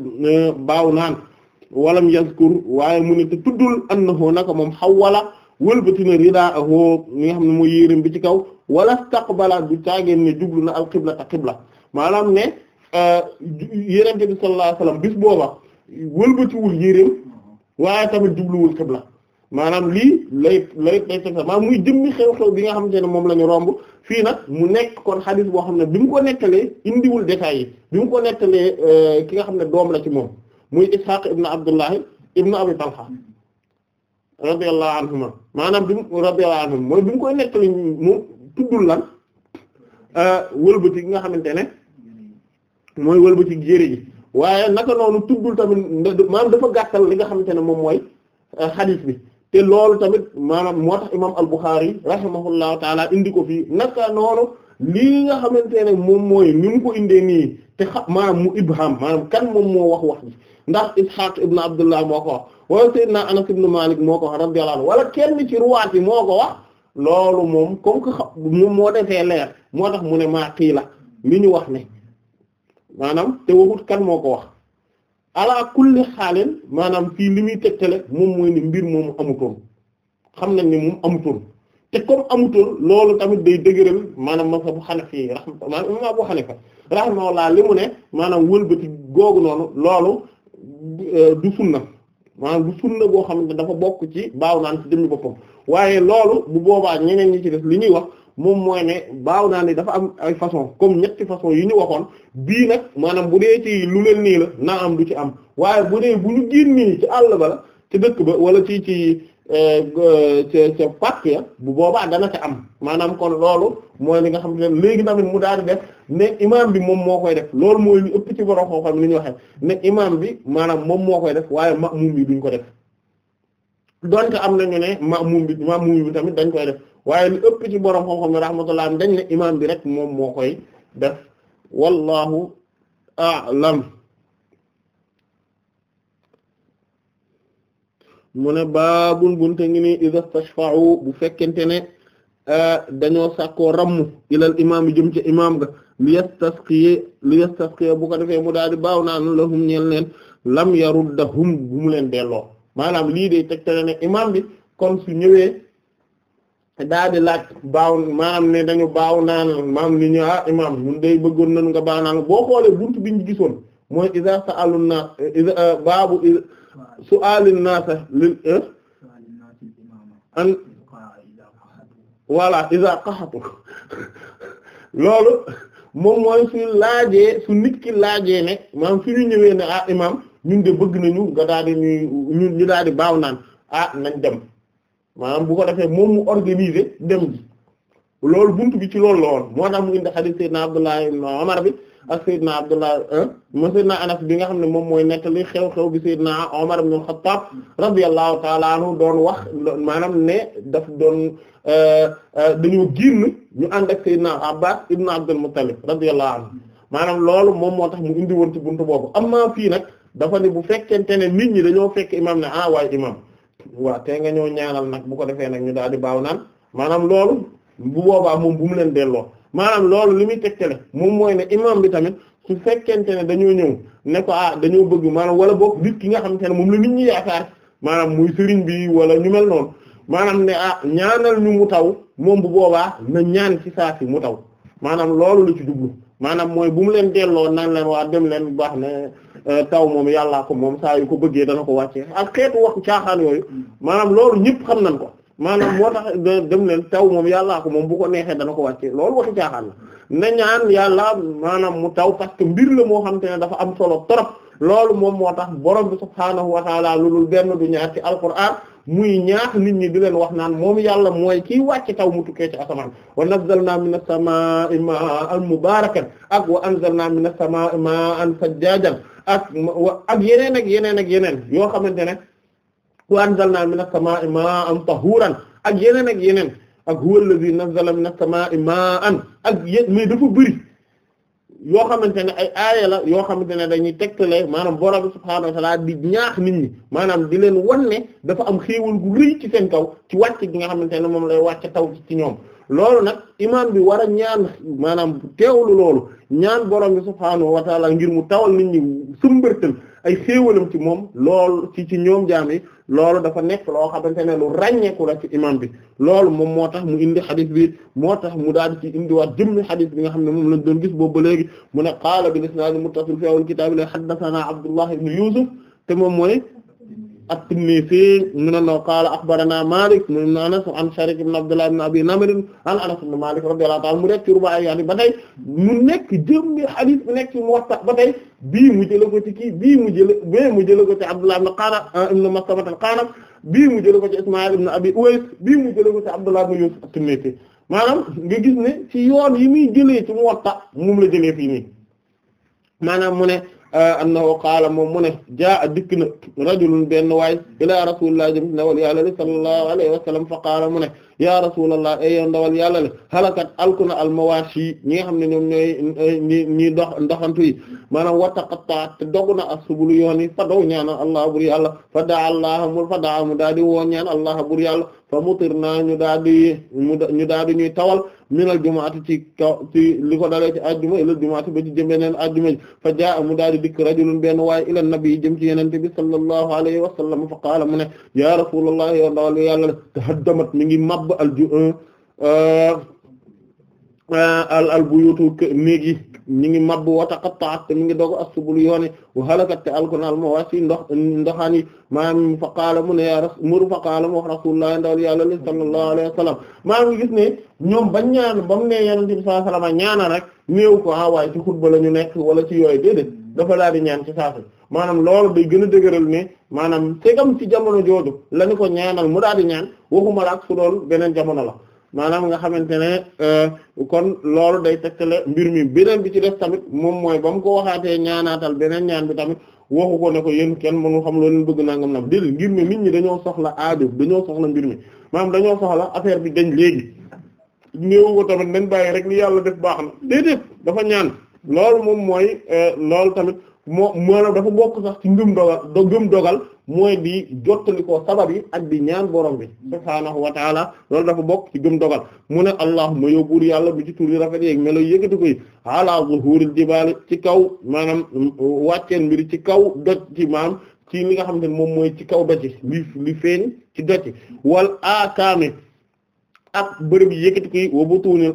baaw naan walam yazkur waaye mu ne te tuddul annahu naka moom xawwala wëlbatina ridaahu mi nga xam ne mooy yérim bi ci kaw wala staqbala du caageen ne jublu na al qibla ta qibla maanaam ne euh, yérente bi sallallahu alayhi wasallam bis booba wëlbatiwul yérim waaye tamit jubluwul qibla maanaam lii lay lay lay tegtal maanaam muy jëmmi xew-xew bi nga xamante ne moom la romb fii nag mu nekk kon xadis boo xam ne bi mu ko nettalee indiwul détails bi mu ko nettalee euh, ki nga xam ne doom la ci moom muy Ishaq ibn Abdullahi ibn Abi Talha radiyallahu anhuma maanaam bi mu radiyallahu mooy bi koy nettali moom tuddul lan euh, wëlbati ki nga xamante ne mooy wëlbati jëre ji waaye naka noonu tuddul tamit maanaam dafa gàttal li nga xamante ne moom mooy euh, xadis bi te loolu tamit maanaam moo tax imaam al-Bukhari rahimahullahu taala indi ko fii naka noonu lii nga xamante ne moom mooy ni mu ko indee nii te xa maanaam mu Ibham maanaam kan moom moo wax wax ji ndax Ishaq ibn Abdullah moo ko wax wala Seydina Anas ibn Malik moo ko wax radiyallahu anhu wala kenn ci ruwaat yi moo ko wax loolu moom comme que xa moom moo defee leer moo tax mu ne maa xiila li ñu wax ne maanaam te waxut kan moo ko wax ala kulli xaalin maanaam fii li muy te tegtale moom mooy ni mbir moomu amutoon xam nañ ni moom amutoon te comme amutoon loolu tamit day dëgëral maanaam mazhabu xanafi maanaam imam Abu Xanifa rahimahullah li mu ne maanaam wëlbati googu noonu loolu euh, du na maanaam du sunna boo xam ne dafa bokk ci baaw naan ci jëmmi boppam waaye loolu bu boobaa ñeneen ñi ci def li ñuy wax moom mooy ne baaw naa ne dafa am ay façon comme ñetti façon yu ñu waxoon bii nag maanaam bu dee ci lu mel nii la naa am du ci am waaye bu dee bu ñu génnee ci àll ba la ci dëkk ba wala ci ci eh, ca ca pàcc ya bu boobaa dana ca am maanaam kon loolu mooy li nga xam ne léegi tamit mu daal di def ne imaam bi moom moo koy def loolu mooy li ëpp ci borom xam ni ñu waxee ne imaam bi maanaam moom moo koy def waaye ma'muum bi duñ ko def donte am nañu ne ma'muum bi ma'muum bi tamit dañ koy def. waaye lu ëpp ci borom xam-xam rahmatullah dañ ne imaam bi rek moom moo koy def wallahu a'lam mu ne baabun bunte ngi ni idha stashfa'u bu fekkente ne euh, dañoo sàkkoo rammu ilal imaam bi jëm ci imaam ga li yastasqiye li yastasqiye bu ko defee mu daal di baaw naan lahum ñeel leen lam yaruddahum bu mu leen delloo maanaam lii day tegtale ne imaam bi kon su ñëwee daa di laaj baaw maanaam ne dañu baaw naanal maam ni ñu ah imaam ñun day bëggoon nañu nga baaw naanal boo xoolee bi ñu gisoon mooy isa saalun nas eh, isa eh, baabu su'alin nas eh, *laughs* ki ah, bëgg nañu nga daal ñuy ñu daal baaw naan ah nañ dem maanaam bu ko defee moom mu organiser dem gi loolu buntu bi ci loolu la moo tax mu indi hadith Seydina Abdullah ibn Umar bi ak Seydina Abdullah mo Seydina Anas bi nga xam ne moom mooy nettali xew-xew bi Seydina Umar ibn al-Khattab radiyallahu ta'ala anhu doon wax maanaam ne daf doon euh, euh, dañoo génn ñu ànd ak Seydina Abbas ibn Abdul Muttalib radiyallahu anhu maanaam loolu moom moo tax mu indi woon ci buntu boobu amma fii nag dafa ne bu fekkente ne nit ñi dañoo fekk imam ne ah waaye imam waaw te nga ñëw ñaanal nag bu ko defee nag ñu daal di baaw naan maanaam loolu bu boobaa moom bu mu leen delloo maanaam loolu li muy tegtale moom mooy ne imam bi tamit su fekkente ne dañoo ñëw ne ko ah dañoo bëgg maanaam wala boog nit ki nga xamante ne moom la nit ñi yaakaar maanaam muy sëriñ bi wala ñu mel noonu maanaam ne ah ñaanal ñu mu taw moom bu boobaa na ñaan ci saa si mu taw maanaam loolu la ci jublu maanaam mooy bu mu leen delloo naan leen waa dem leen baax ne Euh, taw moom yàllaa ko moom saa yu ko bëggee dana ko wàccee ak xeetu wax caaxaan yooyu maanaam loolu ñëpp xam nañ ko maanaam moo tax dem leen taw moom yàllaa ko moom bu ko neexee dana ko wàcce loolu waxi caaxaan la na ñaan yàlla maanaam mu taw parce que mbir la moo xam te ne dafa am solo trop loolu moom moo tax borom bi subhaanahu wa taala loolul benn du ñaar ci alquran muy ñaax nit ñi di leen wax naan moom yàlla mooy kiy wàcc taw mu tukkee ci asamaan wa nazzalna minas samaa'i maa'an mubaarakan ak wa anzalna minas samaa'i an sajjaajan ak ak yeneen ak yeneen ak yeneen yoo xamante ne wa anzalna minas samaa'i maa'an tahuuran ak yeneen ak yeneen ak huwa alladhi nazzala minas samaa'i maa'an ak yé mais dafa bëri yoo xamante ne ay aaya la yoo xamante ne dañuy tegtale maanaam borom subhaanahu wa ta'aala di ñaax nit ñi maanaam di leen wan ne dafa am xéewal gu rëy ci seen kaw ci wàcc gi nga xamante ne moom lay wàcc taw ci ñoom loolu nag imaam bi war a ñaan maanaam teewlu loolu ñaan borom bi subhaanahu wa taala ngir mu tawal ni ñi sëmbërtal ay xéewalam ci moom loolu ci ci ñoom jaam loolu dafa nekk loo xamante ne lu ràññeeku la ci imaam bi loolu moom moo tax mu indi xadis bi moo tax mu daal ci indiwaat jëmmi xadis bi nga xam ne moom lañ don gis boobu ba léegi mu ne qaala bil isnaad muttasil fi awwal kitaab li haddasanaa Abdullah ibn Yusuf te moom mooy at-Tinnisi mu ne noo qaala axbarana Malik mu ibn Anas an Sharik ibn Abdullah ibn Abi Namir an Anas ibn Malik radiyallahu ta'ala mu nekk ci Rubaay yaani ba tey mu nekk jëm bi hadiis bi nekk ci Muwatta ba tey bii mu jëlee ko ci kii bii mu jëlee bee mu jëlee ko ci Abdullah ibn Qana ah, ibn Maslama al-Qana bii mu jëlee ko ci Ismaïl ibn Abi Uways bii mu jëlee ko ci Abdullah ibn Yusuf at-Tinnisi maanaam nga gis ne ci yoon yi muy jëlee ci Muwatta moom la jëlee fii nii maanaam mu ne. annahu qaala moom mu ne jaa dikk na rajulun benn waay ila rasulillah jëm si ndawal yàlla sallallahu alayhi wa sallam fa qaala mu ne yaa rasulallah ay yow ndawal yàlla le halakat alkuna almawashi ñi nga xam ne ñoom ñooy ñi ñi dox ndoxantu yi maanaam wataqattaat te dog na asubulu yoon yi fa dow ñaana allah bur yàlla fa daa allah mu fa daa mu daal di woo ñaan allah bur yàlla fa mutir naa ñu daal di ñu daal di ñuy tawal minal jumaati ci kaw ci li ko dalee ci ajjuma ilal jumaati ba ci jëmbeneen ajjuma ji fa jaa mu daal di dikk rajulun benn waaye ilal nabi jëm ci yenente bi sallallahu alayhi wa sallam fa qaala mu ne ya rasulallah yow ndawal tahaddamat mi ngi mab Wahb euh, euh, euh, al al buyutu néeg yi ñu ngi mabbu wa taqatta'at te mi ngi dogu as-subul yooni wa halakat te alko naal moo ndox ndoxaan yi maanaam fa qaala mu ne yaa fa qaala mu wax rasulullah ndawal yàlla li sallallahu alayhi wa sallam maa gis ne ñoom bañ ñaan ba mu ne yonent bi sallallahu alayhi wa rek néew ko ah waaye ci xutba ñu nekk wala ci yooyu déedéet dafa daal di ñaan ci saafara maanaam loolu day gën a dëgëral ne maanaam segam ci jamono jooju la ñu ko ñaanal mu daal ñaan waxuma la ak su doon beneen jamono la maanaam nga xamante ne euh, kon loolu day tegtale mbir mi beneen bi ci def tamit moom mooy ba mu ko waxaatee ñaanaatal beneen ñaan bi tamit waxu ko ne ko yéen kenn mënu xam loolu leen bëgg nangam nag déedéet ngir ne nit ñi dañoo soxla aajo dañoo soxla mbir mi maanaam dañoo soxla affaire bi dañ léegi néew ko bàyyi rek li yàlla def baax na dafa ñaan. loolu moom mooy euh, loolu tamit moo maanaam dafa bokk sax ci ngëm dogal do ngëm dogal mooy di jottali ko yi ak di ñaan borom bi subhaanahu wa taala loolu dafa bokk ci gëm dogal mu ne allahumma yow buur yàlla bi ci tur yi rafet yeeg melo yëkkati koy ala zuhuril jibaal ci kaw maanaam mm, wàcceen mbiri ci kaw doj ci maam ci li nga xamante ne moom mooy ci kaw doci li li feeñ ci doci wal akaami ak bërëb yi yëkkati koy wa butunil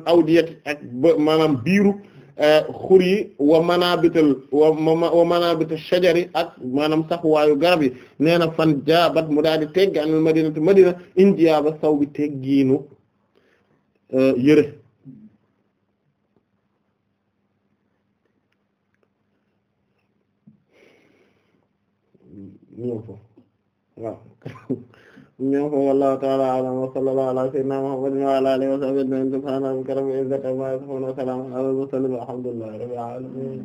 ak maanaam biiru xur yi wa manabital wa manabita shajari ak maanaam saxuwaayu garab yi nee na fan jaabat mu daal di teggi anil madinatu madina injiyaaba saw bi teggiinu euh, yëre *laughs* ñoom ko wallahu ta'ala a'lam wa sallallahu ala sayyidina muhammadin wa ala alihi wa sahbihi subhana rabbika rabbil izzati amma yasifun wa salamun ala al mursalin walhamdulillahi rabbil alamin